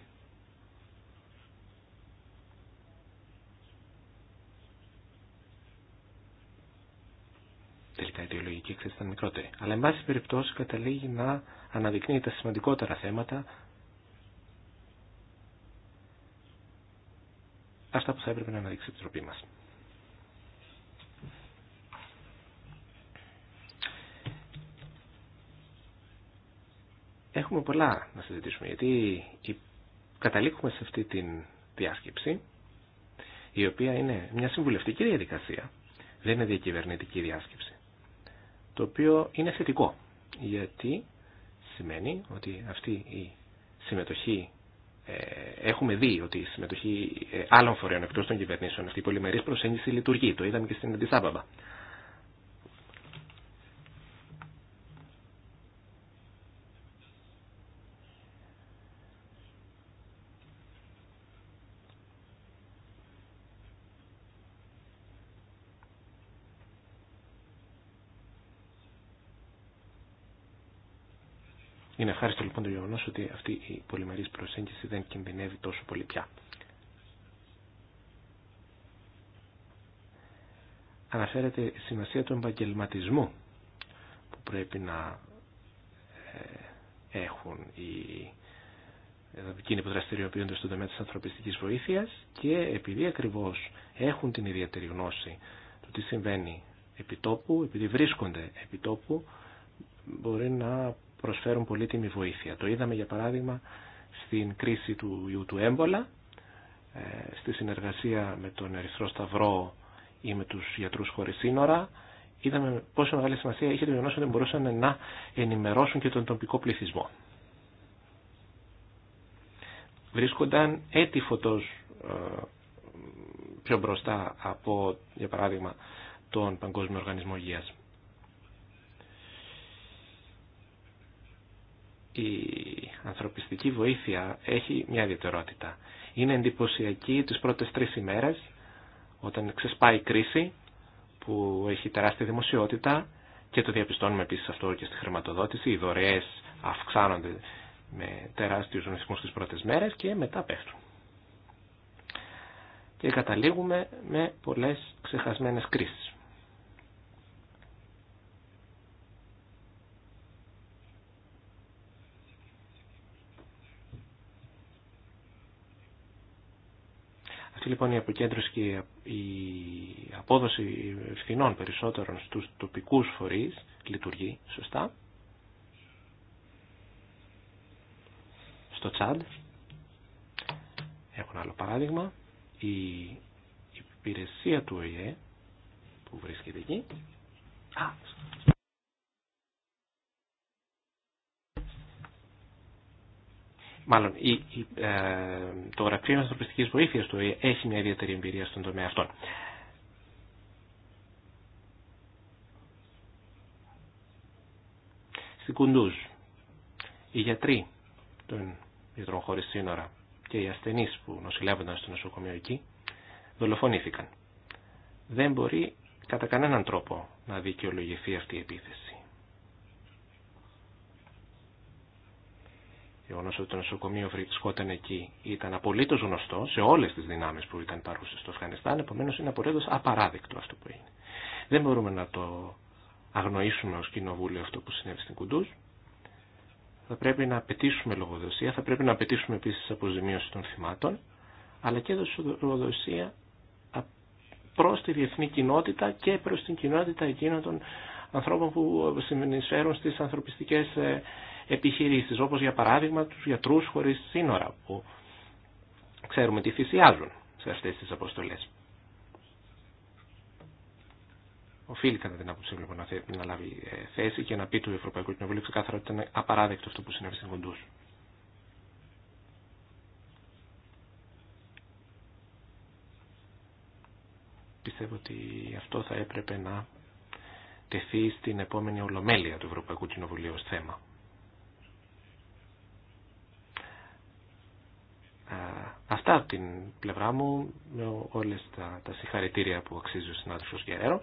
τελικά η αιτιολογική ήταν μικρότερη. Αλλά εν πάση περιπτώσει καταλήγει να αναδεικνύει τα σημαντικότερα θέματα αυτά που θα έπρεπε να αναδείξει η Επιτροπή μας. Έχουμε πολλά να συζητήσουμε γιατί καταλήγουμε σε αυτή την διάσκεψη η οποία είναι μια συμβουλευτική διαδικασία. Δεν είναι διακυβερνητική διάσκεψη το οποίο είναι θετικό, γιατί σημαίνει ότι αυτή η συμμετοχή ε, έχουμε δει ότι η συμμετοχή ε, άλλων φορέων εκτός των κυβερνήσεων, αυτή η πολυμερής προσέγγιση λειτουργεί. Το είδαμε και στην Αντισάμπαμπα. Είναι ευχάριστο λοιπόν το γεγονό ότι αυτή η πολυμερή προσέγγιση δεν κινδυνεύει τόσο πολύ πια. Αναφέρεται η σημασία του επαγγελματισμού που πρέπει να ε, έχουν οι εκείνοι που δραστηριοποιούνται στον τομέα τη ανθρωπιστική βοήθεια και επειδή ακριβώ έχουν την ιδιαίτερη γνώση του τι συμβαίνει επί τόπου, επειδή βρίσκονται επί τόπου, μπορεί να προσφέρουν πολύτιμη βοήθεια. Το είδαμε για παράδειγμα στην κρίση του ιού του έμπολα, ε, στη συνεργασία με τον Ερυθρό Σταυρό ή με τους γιατρούς χωρίς σύνορα, είδαμε πόσο μεγάλη σημασία είχε το γεγονό ότι μπορούσαν να ενημερώσουν και τον τοπικό πληθυσμό. Βρίσκονταν έτη φωτός ε, πιο μπροστά από, για παράδειγμα, τον Παγκόσμιο Οργανισμό Υγείας. η ανθρωπιστική βοήθεια έχει μια ιδιαιτερότητα. Είναι εντυπωσιακή τις πρώτες τρεις ημέρες όταν ξεσπάει η κρίση που έχει τεράστια δημοσιότητα και το διαπιστώνουμε επίσης αυτό και στη χρηματοδότηση. Οι δωρεές αυξάνονται με τεράστιους ρυθμούς τις πρώτες μέρες και μετά πέφτουν. Και καταλήγουμε με πολλές ξεχασμένες κρίσεις. λοιπόν η αποκέντρωση και η απόδοση ευθυνών περισσότερων στους τοπικούς φορείς λειτουργεί σωστά. Στο Τσάντ, έχω ένα άλλο παράδειγμα, η υπηρεσία του ΟΗΕ που βρίσκεται εκεί, α, μάλλον η, η, ε, το γραφείο ανθρωπιστικής βοήθειας του έχει μια ιδιαίτερη εμπειρία στον τομέα αυτών. Στην Κουντούζ, οι γιατροί των γιατρών χωρίς σύνορα και οι ασθενείς που νοσηλεύονταν στο νοσοκομείο εκεί δολοφονήθηκαν. Δεν μπορεί κατά κανέναν τρόπο να δικαιολογηθεί αυτή η επίθεση. γεγονό ότι το νοσοκομείο βρισκόταν εκεί ήταν απολύτω γνωστό σε όλε τι δυνάμει που ήταν παρούσε στο Αφγανιστάν, επομένω είναι απολύτω απαράδεκτο αυτό που έγινε. Δεν μπορούμε να το αγνοήσουμε ω κοινοβούλιο αυτό που συνέβη στην Κουντούζ. Θα πρέπει να απαιτήσουμε λογοδοσία, θα πρέπει να απαιτήσουμε επίση αποζημίωση των θυμάτων, αλλά και λογοδοσία προ τη διεθνή κοινότητα και προ την κοινότητα εκείνων των ανθρώπων που συνεισφέρουν στι ανθρωπιστικέ ε, επιχειρήσεις, όπως για παράδειγμα τους γιατρούς χωρίς σύνορα, που ξέρουμε τι θυσιάζουν σε αυτές τις αποστολές. Οφείλει κατά την άποψή μου λοιπόν, να, να λάβει ε, θέση και να πει του Ευρωπαϊκού Κοινοβουλίου ξεκάθαρα ότι ήταν απαράδεκτο αυτό που συνέβη στην Κοντούς. Πιστεύω ότι αυτό θα έπρεπε να τεθεί στην επόμενη ολομέλεια του Ευρωπαϊκού Κοινοβουλίου ως θέμα. αυτά από την πλευρά μου με όλες τα, τα συγχαρητήρια που αξίζει ο συνάδελφος Γεραίρο.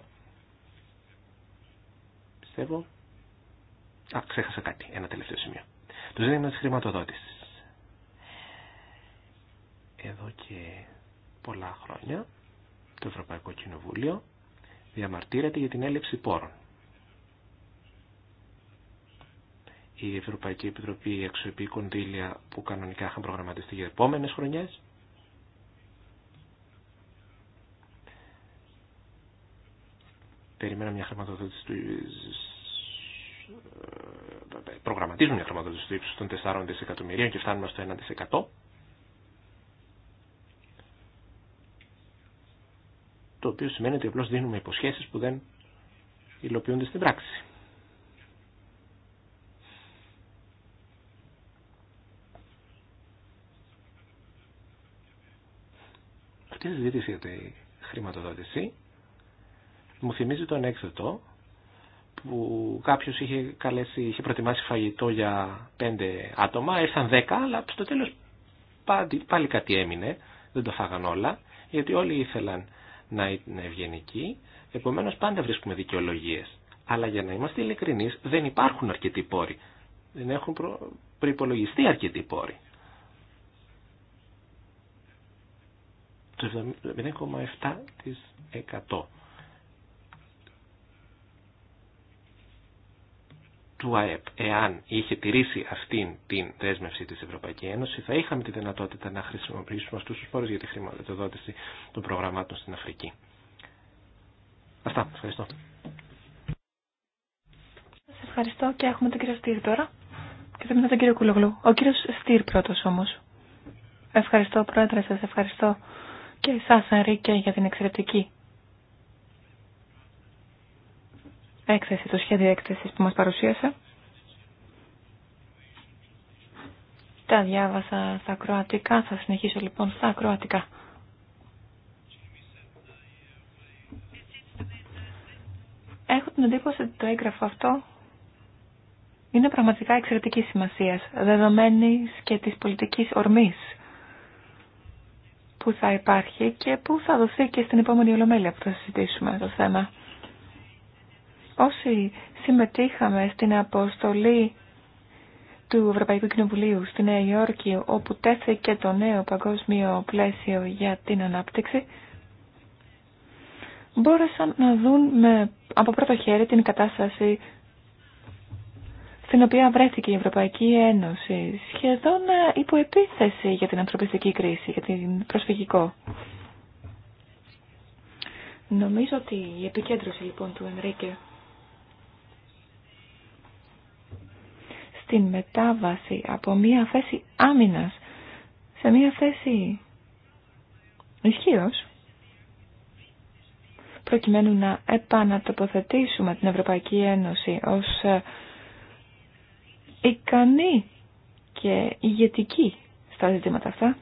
Πιστεύω. Α, ξέχασα κάτι. Ένα τελευταίο σημείο. Το ζήτημα της χρηματοδότησης. Εδώ και πολλά χρόνια το Ευρωπαϊκό Κοινοβούλιο διαμαρτύρεται για την έλλειψη πόρων. η Ευρωπαϊκή Επιτροπή Εξωπή κονδύλια που κανονικά είχαν προγραμματιστεί για επόμενες χρονιές. Περιμένω μια χρηματοδότηση του ε, προγραμματίζουν μια χρηματοδότηση του ύψους των 4 δισεκατομμυρίων και φτάνουμε στο 1 Το οποίο σημαίνει ότι απλώς δίνουμε υποσχέσεις που δεν υλοποιούνται στην πράξη. αυτή η συζήτηση για τη χρηματοδότηση μου θυμίζει τον έξοδο που κάποιος είχε, καλέσει, είχε προετοιμάσει φαγητό για πέντε άτομα, ήρθαν δέκα, αλλά στο τέλος πάλι, κάτι έμεινε, δεν το φάγαν όλα, γιατί όλοι ήθελαν να είναι ευγενικοί, επομένως πάντα βρίσκουμε δικαιολογίες. Αλλά για να είμαστε ειλικρινεί, δεν υπάρχουν αρκετοί πόροι. Δεν έχουν προ... προπολογιστεί αρκετοί πόροι. το 0,7% του ΑΕΠ. Εάν είχε τηρήσει αυτήν την δέσμευση της Ευρωπαϊκή Ένωση, θα είχαμε τη δυνατότητα να χρησιμοποιήσουμε αυτούς τους πόρους για τη χρηματοδότηση των προγραμμάτων στην Αφρική. Αυτά. Ευχαριστώ. Σας ευχαριστώ και έχουμε τον κύριο Στήρ τώρα. Και θα τον κύριο Κουλογλού. Ο κύριος Στήρ πρώτος όμως. Ευχαριστώ πρόεδρε, σας ευχαριστώ και σας Ρίκε για την εξαιρετική έκθεση, το σχέδιο έκθεσης που μας παρουσίασε. Τα διάβασα στα κροατικά, θα συνεχίσω λοιπόν στα κροατικά. Έχω την εντύπωση ότι το έγγραφο αυτό είναι πραγματικά εξαιρετική σημασία, δεδομένη και της πολιτικής ορμής που θα υπάρχει και που θα δοθεί και στην επόμενη ολομέλεια που θα συζητήσουμε το θέμα. Όσοι συμμετείχαμε στην αποστολή του Ευρωπαϊκού Κοινοβουλίου στη Νέα Υόρκη, όπου τέθηκε το νέο παγκόσμιο πλαίσιο για την ανάπτυξη, μπόρεσαν να δουν με, από πρώτο χέρι την κατάσταση στην οποία βρέθηκε η Ευρωπαϊκή Ένωση σχεδόν ε, υπό επίθεση για την ανθρωπιστική κρίση, για την προσφυγικό. Νομίζω ότι η επικέντρωση λοιπόν του Ενρίκε στην μετάβαση από μία θέση άμυνας σε μία θέση ισχύως προκειμένου να επανατοποθετήσουμε την Ευρωπαϊκή Ένωση ως ε, ικανή και ηγετική στα ζητήματα αυτά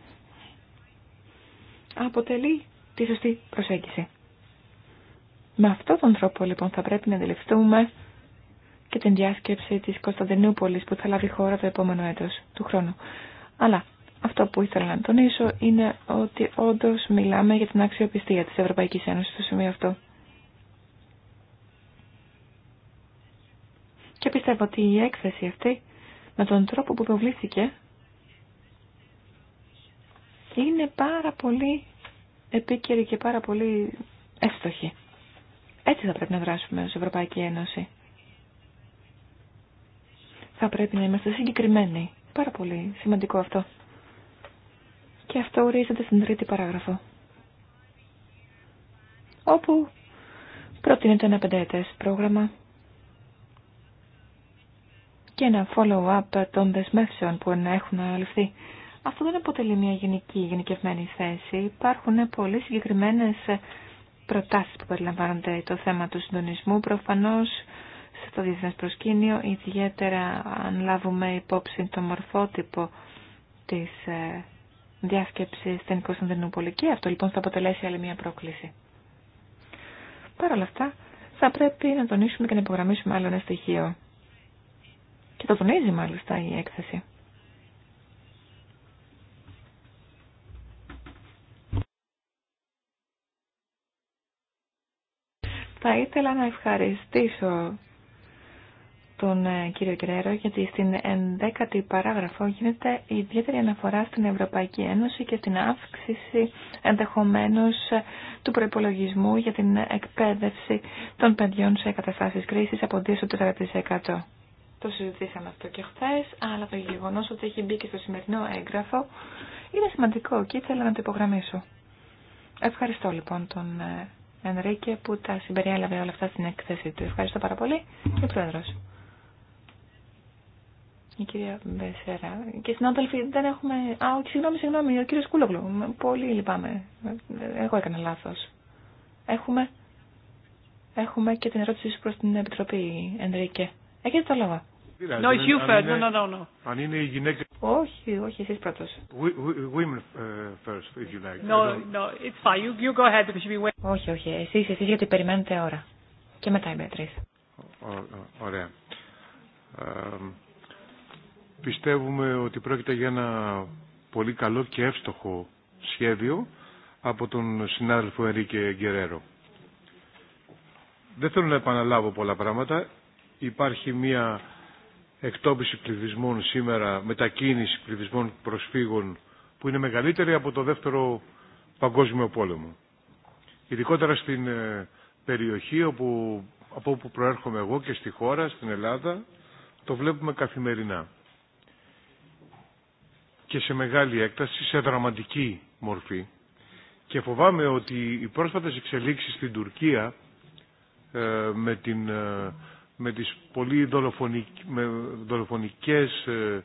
αποτελεί τη σωστή προσέγγιση. Με αυτόν τον τρόπο λοιπόν θα πρέπει να αντιληφθούμε και την διάσκεψη της Κωνσταντινούπολης που θα λάβει χώρα το επόμενο έτος του χρόνου. Αλλά αυτό που ήθελα να τονίσω είναι ότι όντως μιλάμε για την αξιοπιστία της Ευρωπαϊκής Ένωσης στο σημείο αυτό. Και πιστεύω ότι η έκθεση αυτή με τον τρόπο που προβλήθηκε είναι πάρα πολύ επίκαιρη και πάρα πολύ εύστοχη. Έτσι θα πρέπει να δράσουμε ως Ευρωπαϊκή Ένωση. Θα πρέπει να είμαστε συγκεκριμένοι. Πάρα πολύ σημαντικό αυτό. Και αυτό ορίζεται στην τρίτη παράγραφο. Όπου προτείνεται ένα πενταετές πρόγραμμα και ένα follow-up των δεσμεύσεων που έχουν αναλυφθεί. Αυτό δεν αποτελεί μια γενική, γενικευμένη θέση. Υπάρχουν πολύ συγκεκριμένε προτάσει που περιλαμβάνονται το θέμα του συντονισμού. Προφανώ στο διεθνέ προσκήνιο, ιδιαίτερα αν λάβουμε υπόψη το μορφότυπο τη ε, διάσκεψη στην Κωνσταντινούπολη και αυτό λοιπόν θα αποτελέσει άλλη μια πρόκληση. Παρ' όλα αυτά, θα πρέπει να τονίσουμε και να υπογραμμίσουμε άλλο ένα στοιχείο. Και το τονίζει μάλιστα η έκθεση. Θα ήθελα να ευχαριστήσω τον ε, κύριο Κυρέρο γιατί στην ενδέκατη η παράγραφο γίνεται ιδιαίτερη αναφορά στην Ευρωπαϊκή Ένωση και στην αύξηση ενδεχομένως του προϋπολογισμού για την εκπαίδευση των παιδιών σε καταστάσεις κρίσης από 2-4%. Το συζητήσαμε αυτό και χθε, αλλά το γεγονό ότι έχει μπει και στο σημερινό έγγραφο είναι σημαντικό και ήθελα να το υπογραμμίσω. Ευχαριστώ λοιπόν τον ε, Ενρίκε που τα συμπεριέλαβε όλα αυτά στην εκθέση του. Ευχαριστώ πάρα πολύ και πρόεδρο. Η κυρία Μπεσέρα. Και συνάδελφοι, δεν έχουμε. Α, όχι, συγγνώμη, συγγνώμη, ο κύριο Κούλογλου. Πολύ λυπάμαι. Εγώ έκανα λάθο. Έχουμε. Έχουμε και την ερώτησή σου προ την Επιτροπή, Ενρίκε. Έχετε το λόγο. Δηλαδή, no, you first. No, no, no, no. Αν είναι η γυναίκα... Όχι, όχι, εσείς πρώτος. Women ε, first, if you like. No, no, it's fine. You, you go ahead because be waiting. Όχι, όχι, εσείς, εσείς γιατί περιμένετε ώρα. Και μετά η Μπέτρης. Ωραία. Πιστεύουμε ότι πρόκειται για ένα πολύ καλό και εύστοχο σχέδιο από τον συνάδελφο Ερίκε Γκερέρο. Δεν θέλω να επαναλάβω πολλά πράγματα υπάρχει μια εκτόπιση πληθυσμών σήμερα, μετακίνηση πληθυσμών προσφύγων που είναι μεγαλύτερη από το δεύτερο παγκόσμιο πόλεμο. Ειδικότερα στην ε, περιοχή όπου, από όπου προέρχομαι εγώ και στη χώρα, στην Ελλάδα, το βλέπουμε καθημερινά. Και σε μεγάλη έκταση, σε δραματική μορφή. Και φοβάμαι ότι οι πρόσφατες εξελίξεις στην Τουρκία ε, με την ε, με τις πολύ δολοφονικές ε,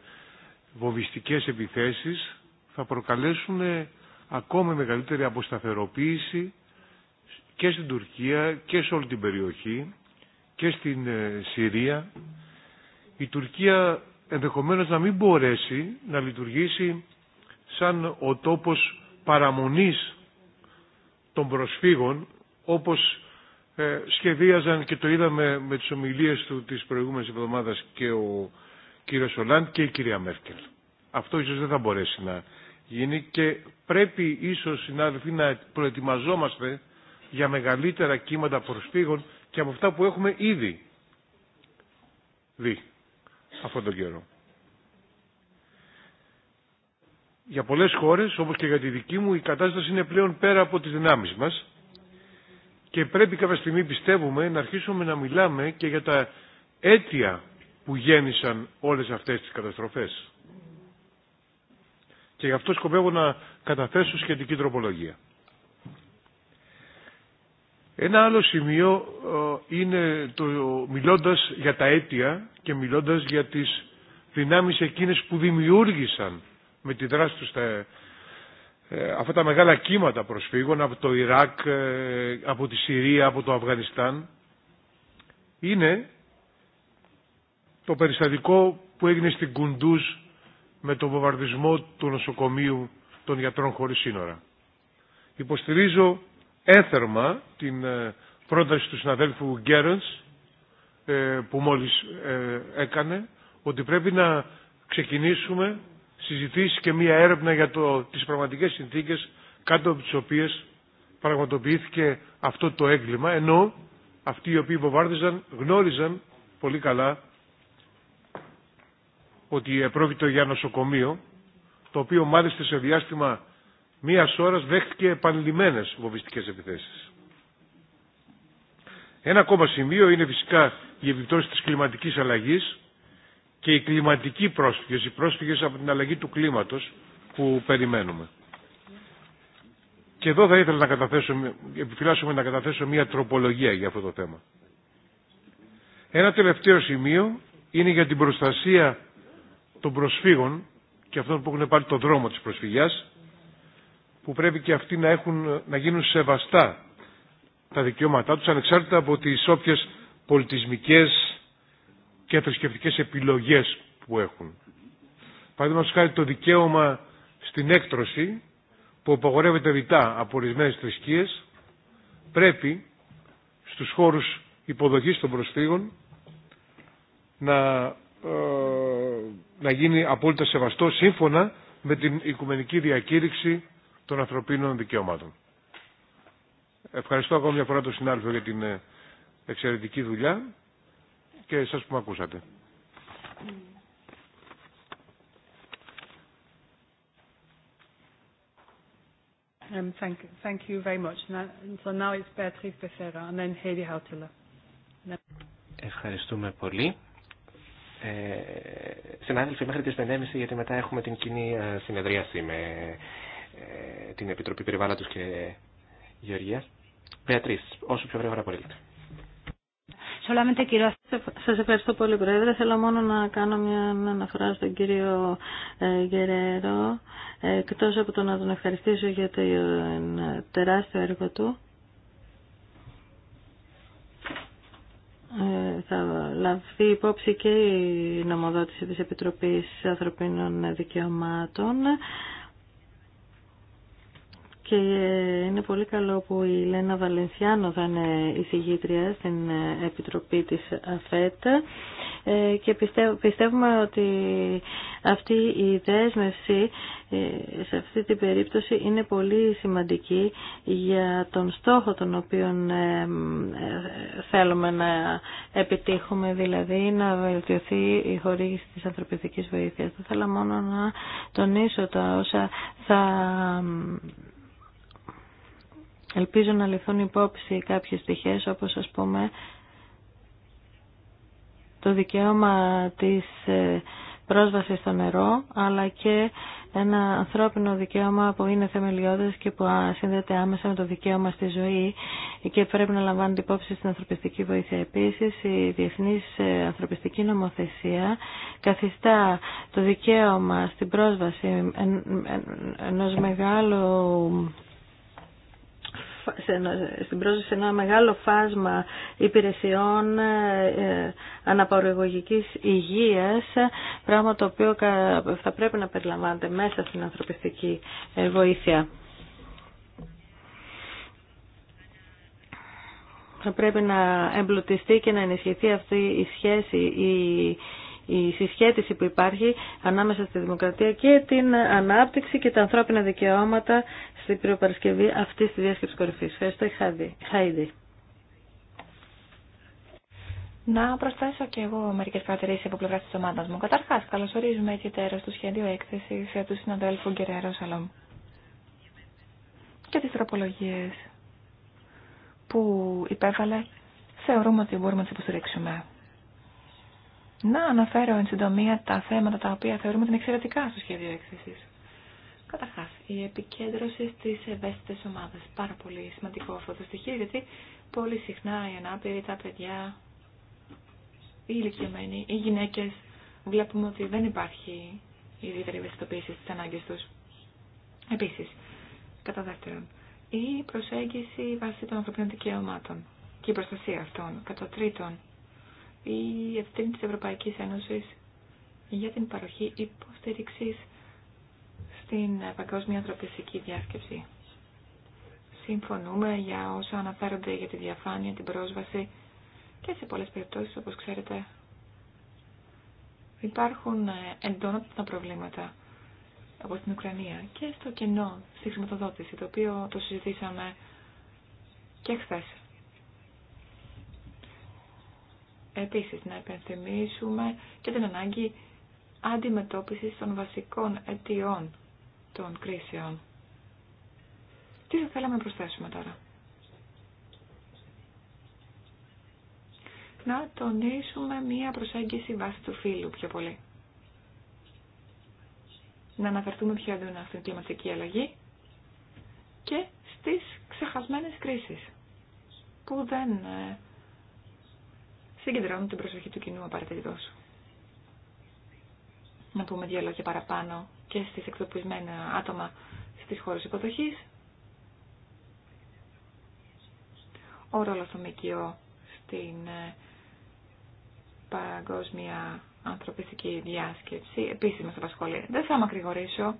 βοβιστικές επιθέσεις θα προκαλέσουν ακόμη μεγαλύτερη αποσταθεροποίηση και στην Τουρκία και σε όλη την περιοχή και στην ε, Συρία. Η Τουρκία ενδεχομένως να μην μπορέσει να λειτουργήσει σαν ο τόπος παραμονής των προσφύγων όπως ε, σχεδίαζαν και το είδαμε με τις ομιλίες του της προηγούμενης εβδομάδας και ο κύριος Ολάντ και η κυρία Μέρκελ. Αυτό ίσως δεν θα μπορέσει να γίνει και πρέπει ίσως συνάδελφοι να προετοιμαζόμαστε για μεγαλύτερα κύματα προσφύγων και από αυτά που έχουμε ήδη δει αυτόν τον καιρό. Για πολλές χώρες, όπως και για τη δική μου, η κατάσταση είναι πλέον πέρα από τις δυνάμεις μας και πρέπει κάποια στιγμή πιστεύουμε να αρχίσουμε να μιλάμε και για τα αίτια που γέννησαν όλες αυτές τις καταστροφές. Και γι' αυτό σκοπεύω να καταθέσω σχετική τροπολογία. Ένα άλλο σημείο ε, είναι το μιλώντας για τα αίτια και μιλώντας για τις δυνάμεις εκείνες που δημιούργησαν με τη δράση τους τα, ε, αυτά τα μεγάλα κύματα προσφύγων από το Ιράκ, ε, από τη Συρία, από το Αφγανιστάν είναι το περιστατικό που έγινε στην Κουντούς με τον βομβαρδισμό του νοσοκομείου των γιατρών χωρίς σύνορα. Υποστηρίζω έθερμα την ε, πρόταση του συναδέλφου Γκέρενς που μόλις έκανε ότι πρέπει να ξεκινήσουμε συζητήσει και μία έρευνα για το, τις πραγματικές συνθήκες κάτω από τις οποίες πραγματοποιήθηκε αυτό το έγκλημα, ενώ αυτοί οι οποίοι βομβάρδιζαν γνώριζαν πολύ καλά ότι επρόκειτο για νοσοκομείο, το οποίο μάλιστα σε διάστημα μίας ώρας δέχτηκε επανειλημμένες βομβιστικές επιθέσεις. Ένα ακόμα σημείο είναι φυσικά η επιπτώση της κλιματικής αλλαγής, και οι κλιματικοί πρόσφυγες, οι πρόσφυγες από την αλλαγή του κλίματος που περιμένουμε. Και εδώ θα ήθελα να καταθέσω, επιφυλάσσουμε να καταθέσω μια τροπολογία για αυτό το θέμα. Ένα τελευταίο σημείο είναι για την προστασία των προσφύγων και αυτών που έχουν πάρει το δρόμο της προσφυγιάς που πρέπει και αυτοί να, έχουν, να γίνουν σεβαστά τα δικαιώματά τους ανεξάρτητα από τις όποιες πολιτισμικές, και θρησκευτικέ επιλογές που έχουν. Παραδείγματο χάρη το δικαίωμα στην έκτρωση που απαγορεύεται ρητά από ορισμένε θρησκείε πρέπει στους χώρους υποδοχής των προσφύγων να, ε, να γίνει απόλυτα σεβαστό σύμφωνα με την Οικουμενική Διακήρυξη των Ανθρωπίνων Δικαιωμάτων. Ευχαριστώ ακόμα μια φορά τον συνάδελφο για την ε, εξαιρετική δουλειά και εσάς που με ακούσατε. Um, thank, thank you very much. Now, so now it's Beatrice Becerra and then Heidi Hautila. Ευχαριστούμε πολύ. Ε, συνάδελφοι, μέχρι τις 5.30 γιατί μετά έχουμε την κοινή ε, συνεδρίαση με ε, την Επιτροπή Περιβάλλοντος και Γεωργίας. Πεατρίς, όσο πιο γρήγορα απολύτω. Σα ευχαριστώ πολύ, Πρόεδρε. Θέλω μόνο να κάνω μια αναφορά στον κύριο ε, Γερέρο, εκτό από το να τον ευχαριστήσω για το ε, τεράστιο έργο του. Ε, θα λαβεί υπόψη και η νομοδότηση της Επιτροπής Ανθρωπίνων Δικαιωμάτων και είναι πολύ καλό που η Λένα Βαλεντιάνο θα είναι εισηγήτρια στην Επιτροπή της ΑΦΕΤ ε, και πιστεύουμε ότι αυτή η δέσμευση ε, σε αυτή την περίπτωση είναι πολύ σημαντική για τον στόχο τον οποίο ε, θέλουμε να επιτύχουμε, δηλαδή να βελτιωθεί η χορήγηση της ανθρωπιστικής βοήθειας. Θα ήθελα μόνο να τονίσω τα όσα θα Ελπίζω να ληφθούν υπόψη κάποιες στοιχές όπως ας πούμε το δικαίωμα της ε, πρόσβασης στο νερό αλλά και ένα ανθρώπινο δικαίωμα που είναι θεμελιώδες και που συνδέεται άμεσα με το δικαίωμα στη ζωή και πρέπει να λαμβάνεται υπόψη στην ανθρωπιστική βοήθεια. Επίσης, η διεθνής ε, ανθρωπιστική νομοθεσία καθιστά το δικαίωμα στην πρόσβαση ενός μεγάλου στην πρόσβαση σε ένα μεγάλο φάσμα υπηρεσιών ε, ε, αναπαραγωγικής υγείας, πράγμα το οποίο θα πρέπει να περιλαμβάνεται μέσα στην ανθρωπιστική ε, βοήθεια. Θα πρέπει να εμπλουτιστεί και να ενισχυθεί αυτή η σχέση, η η συσχέτιση που υπάρχει ανάμεσα στη δημοκρατία και την ανάπτυξη και τα ανθρώπινα δικαιώματα στην πυροπαρασκευή αυτή τη διάσκεψη κορυφή. Ευχαριστώ, Χαϊδη. Να προσθέσω και εγώ μερικέ παρατηρήσει από πλευρά τη ομάδα μου. Καταρχά, καλωσορίζουμε τέρο του σχέδιου έκθεση του συναδέλφου Γκερέρο Σαλόμ και τι τροπολογίε που υπέβαλε. Θεωρούμε ότι μπορούμε να τι υποστηρίξουμε. Να αναφέρω εν συντομία τα θέματα τα οποία θεωρούμε την εξαιρετικά στο σχέδιο έκθεση. Καταρχά, η επικέντρωση στι ευαίσθητε ομάδε. Πάρα πολύ σημαντικό αυτό το στοιχείο, γιατί πολύ συχνά οι ανάπηροι, τα παιδιά, οι ηλικιωμένοι, οι γυναίκε βλέπουμε ότι δεν υπάρχει ιδιαίτερη ευαισθητοποίηση στι ανάγκε του. Επίση, κατά δεύτερον, η προσέγγιση βάσει των ανθρωπίνων δικαιωμάτων και η προστασία αυτών. Κατά τρίτον, η ευθύνη της Ευρωπαϊκής Ένωσης για την παροχή υποστήριξης στην Παγκόσμια Ανθρωπιστική Διάσκεψη. Συμφωνούμε για όσα αναφέρονται για τη διαφάνεια, την πρόσβαση και σε πολλές περιπτώσεις, όπως ξέρετε, υπάρχουν ε, εντόνωτα προβλήματα από την Ουκρανία και στο κενό στη χρηματοδότηση, το οποίο το συζητήσαμε και χθες Επίσης, να επενθυμίσουμε και την ανάγκη αντιμετώπισης των βασικών αιτιών των κρίσεων. Τι θα θέλαμε να προσθέσουμε τώρα. Να τονίσουμε μία προσέγγιση βάσει του φίλου πιο πολύ. Να αναφερθούμε πιο έντονα στην κλιματική αλλαγή και στις ξεχασμένες κρίσεις που δεν ε, συγκεντρώνουν την προσοχή του κοινού απαραίτητο. Να πούμε δύο λόγια παραπάνω και στις εκτοπισμένα άτομα στις χώρες υποδοχή. Ο ρόλο των ΜΚΟ στην ε, παγκόσμια ανθρωπιστική διάσκεψη επίση μα απασχολεί. Δεν θα ακρηγορήσω.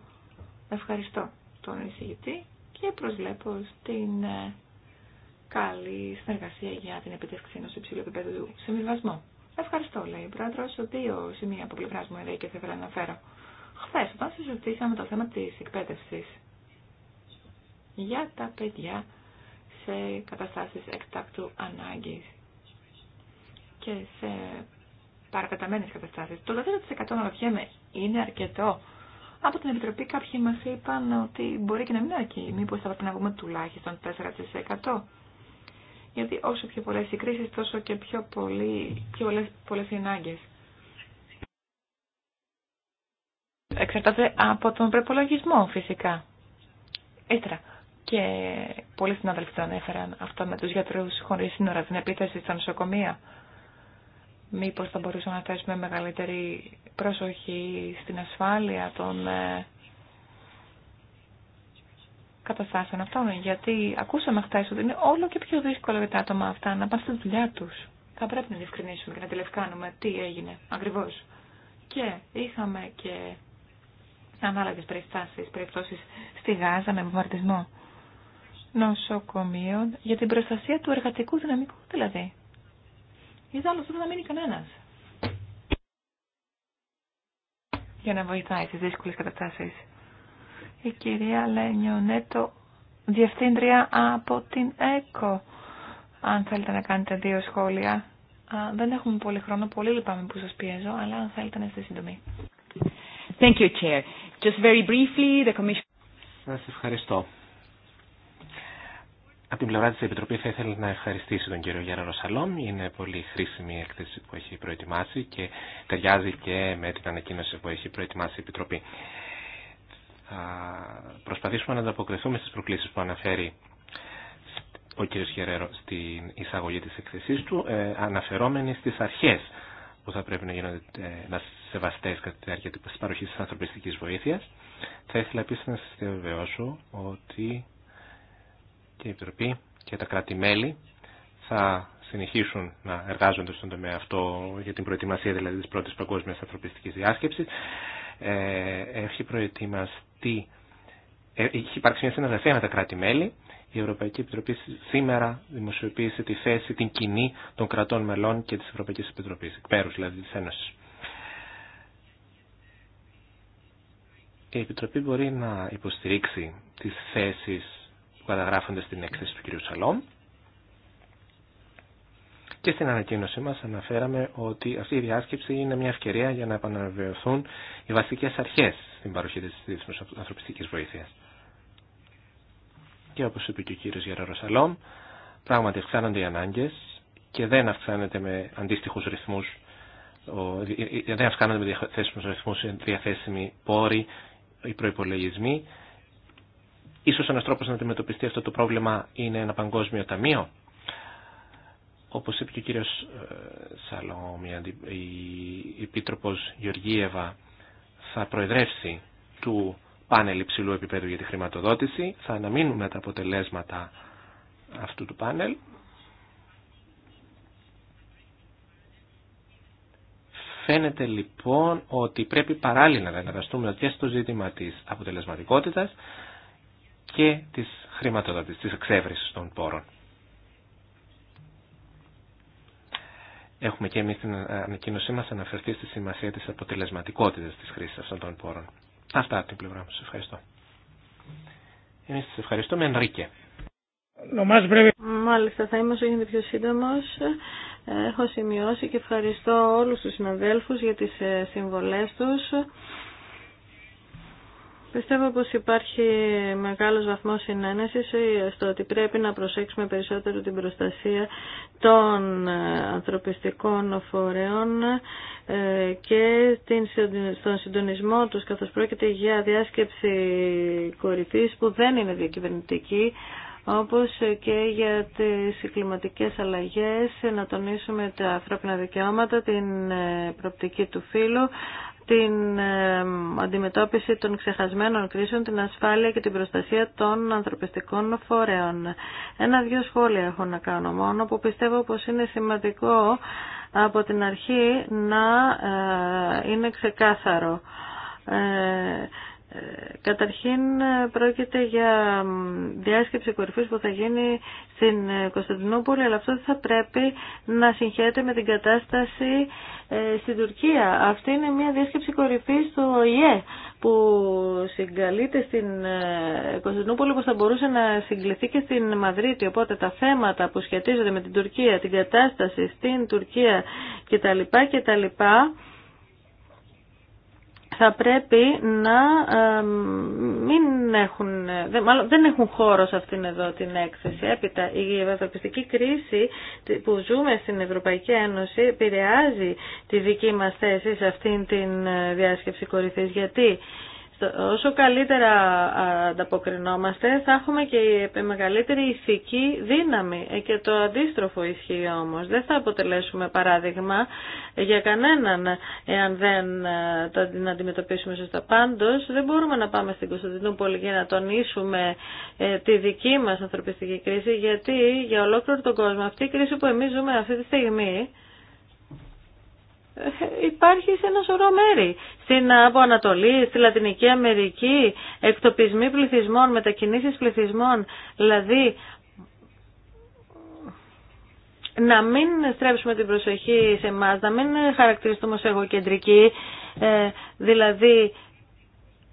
Ευχαριστώ τον εισηγητή και προσβλέπω στην ε, καλή συνεργασία για την επιτεύξη ενό υψηλού επίπεδου συμβιβασμού. Ευχαριστώ, λέει η πρόεδρο. Δύο σημεία από πλευρά μου εδώ και θα ήθελα να αναφέρω. Χθε, όταν συζητήσαμε το θέμα τη εκπαίδευση για τα παιδιά σε καταστάσει εκτάκτου ανάγκη και σε παρακαταμένε καταστάσει, το 4% αναρωτιέμαι είναι αρκετό. Από την Επιτροπή κάποιοι μας είπαν ότι μπορεί και να μην αρκεί. Μήπως θα πρέπει να βγούμε τουλάχιστον 4% γιατί όσο πιο πολλές οι κρίσεις, τόσο και πιο, πολύ, πιο πολλές, πολλές οι ανάγκες. Εξαρτάται από τον προπολογισμό φυσικά. Ύστερα. Και πολλοί συνάδελφοι το ανέφεραν αυτό με τους γιατρούς χωρίς σύνορα, την επίθεση στα νοσοκομεία. Μήπως θα μπορούσαμε να θέσουμε μεγαλύτερη προσοχή στην ασφάλεια των ε, καταστάσεων αυτών, γιατί ακούσαμε χθε ότι είναι όλο και πιο δύσκολο για τα άτομα αυτά να πάνε στη δουλειά του. Θα πρέπει να διευκρινίσουμε και να τηλεφκάνουμε τι έγινε ακριβώ. Και είχαμε και ανάλογε περιστάσει, περιπτώσει στη Γάζα με βομβαρδισμό νοσοκομείων για την προστασία του εργατικού δυναμικού δηλαδή. Γιατί άλλο δεν θα μείνει κανένα. Για να βοηθάει στι δύσκολε καταστάσει η κυρία Λενιονέτο, διευθύντρια από την ΕΚΟ. Αν θέλετε να κάνετε δύο σχόλια. δεν έχουμε πολύ χρόνο, πολύ λυπάμαι που σας πιέζω, αλλά αν θέλετε να είστε σύντομοι. Thank you, Chair. Just very briefly, the Commission... Σας ευχαριστώ. Από την πλευρά της Επιτροπής θα ήθελα να ευχαριστήσω τον κύριο Γιάννα Ροσαλόμ. Είναι πολύ χρήσιμη η έκθεση που έχει προετοιμάσει και ταιριάζει και με την ανακοίνωση που έχει προετοιμάσει η Επιτροπή προσπαθήσουμε να ανταποκριθούμε στις προκλήσεις που αναφέρει ο κ. Χερέρο στην εισαγωγή της εκθεσής του, ε, αναφερόμενοι στις αρχές που θα πρέπει να γίνονται ε, να σεβαστές κατά τη διάρκεια της παροχής της ανθρωπιστικής βοήθειας. Θα ήθελα επίσης να σας βεβαιώσω ότι και η Επιτροπή και τα κράτη-μέλη θα συνεχίσουν να εργάζονται στον τομέα αυτό για την προετοιμασία δηλαδή της πρώτης παγκόσμιας ανθρωπιστικής διάσκεψης. Ε, έχει προετοιμαστεί ότι ε, έχει υπάρξει μια συνεργασία με τα κράτη-μέλη. Η Ευρωπαϊκή Επιτροπή σήμερα δημοσιοποίησε τη θέση, την κοινή των κρατών μελών και της Ευρωπαϊκής Επιτροπής, εκπέρους δηλαδή της Ένωσης. Η Επιτροπή μπορεί να υποστηρίξει τις θέσεις που καταγράφονται στην έκθεση του κ. Σαλόμ. Και στην ανακοίνωσή μας αναφέραμε ότι αυτή η διάσκεψη είναι μια ευκαιρία για να επαναβεβαιωθούν οι βασικές αρχές την παροχή της διεθνούς ανθρωπιστικής βοήθειας. Και όπως είπε και ο κύριος Γεράρος Σαλόμ, πράγματι αυξάνονται οι ανάγκες και δεν αυξάνεται με αντίστοιχους ρυθμούς δεν αυξάνονται με διαθέσιμους ρυθμούς ε, διαθέσιμοι πόροι, οι προπολογισμοί. Ίσως ένας τρόπος να αντιμετωπιστεί αυτό το πρόβλημα είναι ένα παγκόσμιο ταμείο. Όπως είπε και ο κύριος ε, Σαλόμ, η Επίτροπος Γεωργίευα θα προεδρεύσει του πάνελ υψηλού επίπεδου για τη χρηματοδότηση. Θα αναμείνουμε τα αποτελέσματα αυτού του πάνελ. Φαίνεται λοιπόν ότι πρέπει παράλληλα να εργαστούμε και στο ζήτημα της αποτελεσματικότητας και της χρηματοδότησης, της εξέβρισης των πόρων. Έχουμε και εμεί την ε, ανακοίνωσή να αναφερθεί στη σημασία της αποτελεσματικότητα τη χρήση αυτών των πόρων. Αυτά από την πλευρά μου. ευχαριστώ. Εμεί σα ευχαριστούμε. Ενρίκε. Μάλιστα, θα είμαστε γίνεται πιο σύντομο. Έχω σημειώσει και ευχαριστώ όλους τους συναδέλφου για τι ε, συμβολές τους. Πιστεύω πως υπάρχει μεγάλος βαθμός συνένεσης ε, στο ότι πρέπει να προσέξουμε περισσότερο την προστασία των ε, ανθρωπιστικών φορέων ε, και στον συντονισμό τους καθώς πρόκειται για διάσκεψη κορυφής που δεν είναι διακυβερνητική όπως και για τις κλιματικές αλλαγές, να τονίσουμε τα ανθρώπινα δικαιώματα, την προπτική του φύλου, την αντιμετώπιση των ξεχασμένων κρίσεων, την ασφάλεια και την προστασία των ανθρωπιστικών φορέων. Ένα-δυο σχόλια έχω να κάνω μόνο που πιστεύω πως είναι σημαντικό από την αρχή να ε, είναι ξεκάθαρο. Ε, Καταρχήν πρόκειται για διάσκεψη κορυφής που θα γίνει στην ε, Κωνσταντινούπολη, αλλά αυτό θα πρέπει να συγχαίρεται με την κατάσταση ε, στην Τουρκία. Αυτή είναι μια διάσκεψη κορυφής στο ΙΕ που συγκαλείται στην ε, Κωνσταντινούπολη που θα μπορούσε να συγκληθεί και στην Μαδρίτη. Οπότε τα θέματα που σχετίζονται με την Τουρκία, την κατάσταση στην Τουρκία κτλ. κτλ θα πρέπει να ε, μην έχουν, μάλλον δεν έχουν χώρο σε αυτήν εδώ την έκθεση. Έπειτα η ευρωπαϊκή κρίση που ζούμε στην Ευρωπαϊκή Ένωση επηρεάζει τη δική μας θέση σε αυτήν την ε, διάσκεψη κορυφής. Γιατί Όσο καλύτερα ανταποκρινόμαστε, θα έχουμε και μεγαλύτερη ηθική δύναμη. Ε, και το αντίστροφο ισχύει όμως. Δεν θα αποτελέσουμε παράδειγμα για κανέναν, εάν δεν ε, να αντιμετωπίσουμε σωστά. Πάντως, δεν μπορούμε να πάμε στην Κωνσταντινούπολη για να τονίσουμε ε, τη δική μας ανθρωπιστική κρίση, γιατί για ολόκληρο τον κόσμο αυτή η κρίση που εμείς ζούμε αυτή τη στιγμή, υπάρχει σε ένα σωρό μέρη. Στην από Ανατολή, στη Λατινική Αμερική, εκτοπισμοί πληθυσμών, μετακινήσεις πληθυσμών, δηλαδή να μην στρέψουμε την προσοχή σε εμά, να μην χαρακτηριστούμε ως εγωκεντρικοί, ε, δηλαδή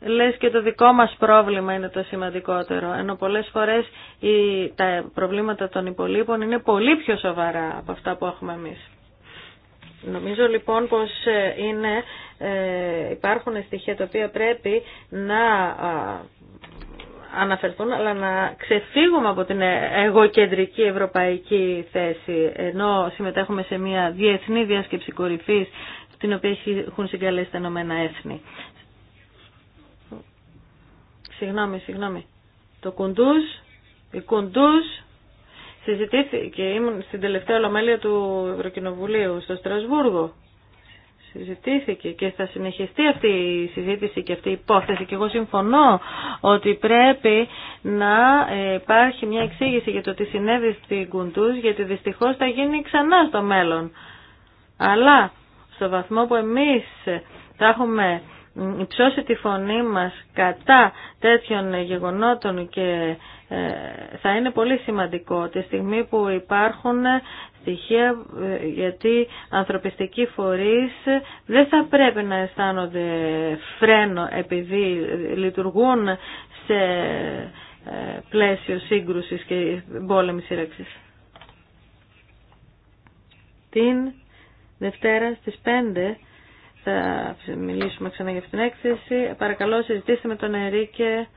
λες και το δικό μας πρόβλημα είναι το σημαντικότερο, ενώ πολλές φορές τα προβλήματα των υπολείπων είναι πολύ πιο σοβαρά από αυτά που έχουμε εμείς. Νομίζω λοιπόν πως ε, είναι, ε, υπάρχουν στοιχεία τα οποία πρέπει να αναφερθούν, αλλά να ξεφύγουμε από την ε, εγωκεντρική ευρωπαϊκή θέση, ενώ συμμετέχουμε σε μια διεθνή διάσκεψη κορυφής, την οποία έχουν συγκαλέσει τα ενωμένα Έθνη. Συγγνώμη, συγγνώμη. Το κουντούς η κουντούς Συζητήθηκε, ήμουν στην τελευταία ολομέλεια του Ευρωκοινοβουλίου στο Στρασβούργο. Συζητήθηκε και θα συνεχιστεί αυτή η συζήτηση και αυτή η υπόθεση και εγώ συμφωνώ ότι πρέπει να ε, υπάρχει μια εξήγηση για το τι συνέβη στην Κουντούς γιατί δυστυχώς θα γίνει ξανά στο μέλλον. Αλλά στο βαθμό που εμείς θα έχουμε υψώσει τη φωνή μας κατά τέτοιων γεγονότων και ε, θα είναι πολύ σημαντικό τη στιγμή που υπάρχουν ε, στοιχεία ε, γιατί ανθρωπιστικοί φορείς δεν θα πρέπει να αισθάνονται φρένο επειδή λειτουργούν σε πλαίσιο σύγκρουσης και πόλεμης σύραξης. Την Δευτέρα στις 5 θα μιλήσουμε ξανά για αυτήν την έκθεση. Παρακαλώ συζητήστε με τον Ερίκε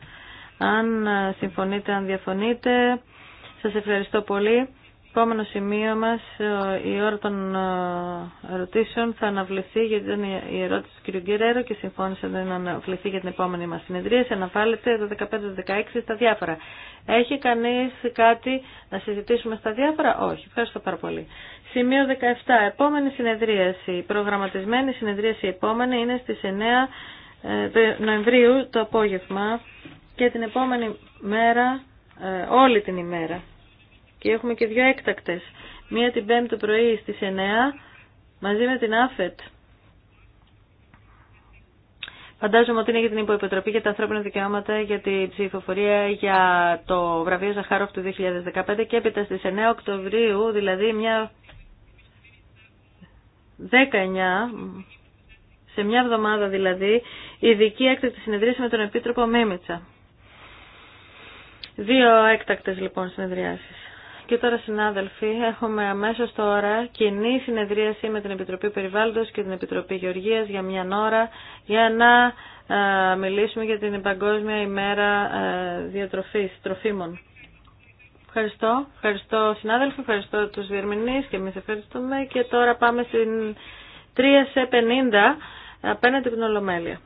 αν συμφωνείτε, αν διαφωνείτε. Σας ευχαριστώ πολύ. Επόμενο σημείο μας, ε, η ώρα των ε, ερωτήσεων θα αναβληθεί γιατί ήταν η ερώτηση του κ. Γκερέρο και συμφώνησε να αναβληθεί για την επόμενη μας συνεδρία. Σε αναβάλλεται το 15-16 στα διάφορα. Έχει κανείς κάτι να συζητήσουμε στα διάφορα? Όχι. Ευχαριστώ πάρα πολύ. Σημείο 17. Επόμενη συνεδρίαση. προγραμματισμένη συνεδρίαση επόμενη είναι στις 9 ε, Νοεμβρίου το απόγευμα και την επόμενη μέρα, ε, όλη την ημέρα. Και έχουμε και δύο έκτακτες. Μία την 5η το πρωί στις 9 μαζί με την ΑΦΕΤ. Φαντάζομαι ότι είναι για την Υποεπιτροπή για τα Ανθρώπινα Δικαιώματα, για τη ψηφοφορία για το βραβείο Ζαχάροφ του 2015 και έπειτα στις 9 Οκτωβρίου, δηλαδή μια 19, σε μια εβδομάδα δηλαδή, ειδική έκτακτη συνεδρίαση με τον Επίτροπο Μίμητσα. Δύο έκτακτες λοιπόν συνεδριάσεις. Και τώρα συνάδελφοι, έχουμε αμέσως τώρα κοινή συνεδρίαση με την Επιτροπή Περιβάλλοντος και την Επιτροπή Γεωργίας για μια ώρα για να ε, μιλήσουμε για την Παγκόσμια ημέρα ε, διατροφής, τροφίμων. Ευχαριστώ. Ευχαριστώ συνάδελφοι, ευχαριστώ τους διερμηνείς και εμείς ευχαριστούμε. Και τώρα πάμε στην 3 σε 50 απέναντι την Ολομέλεια.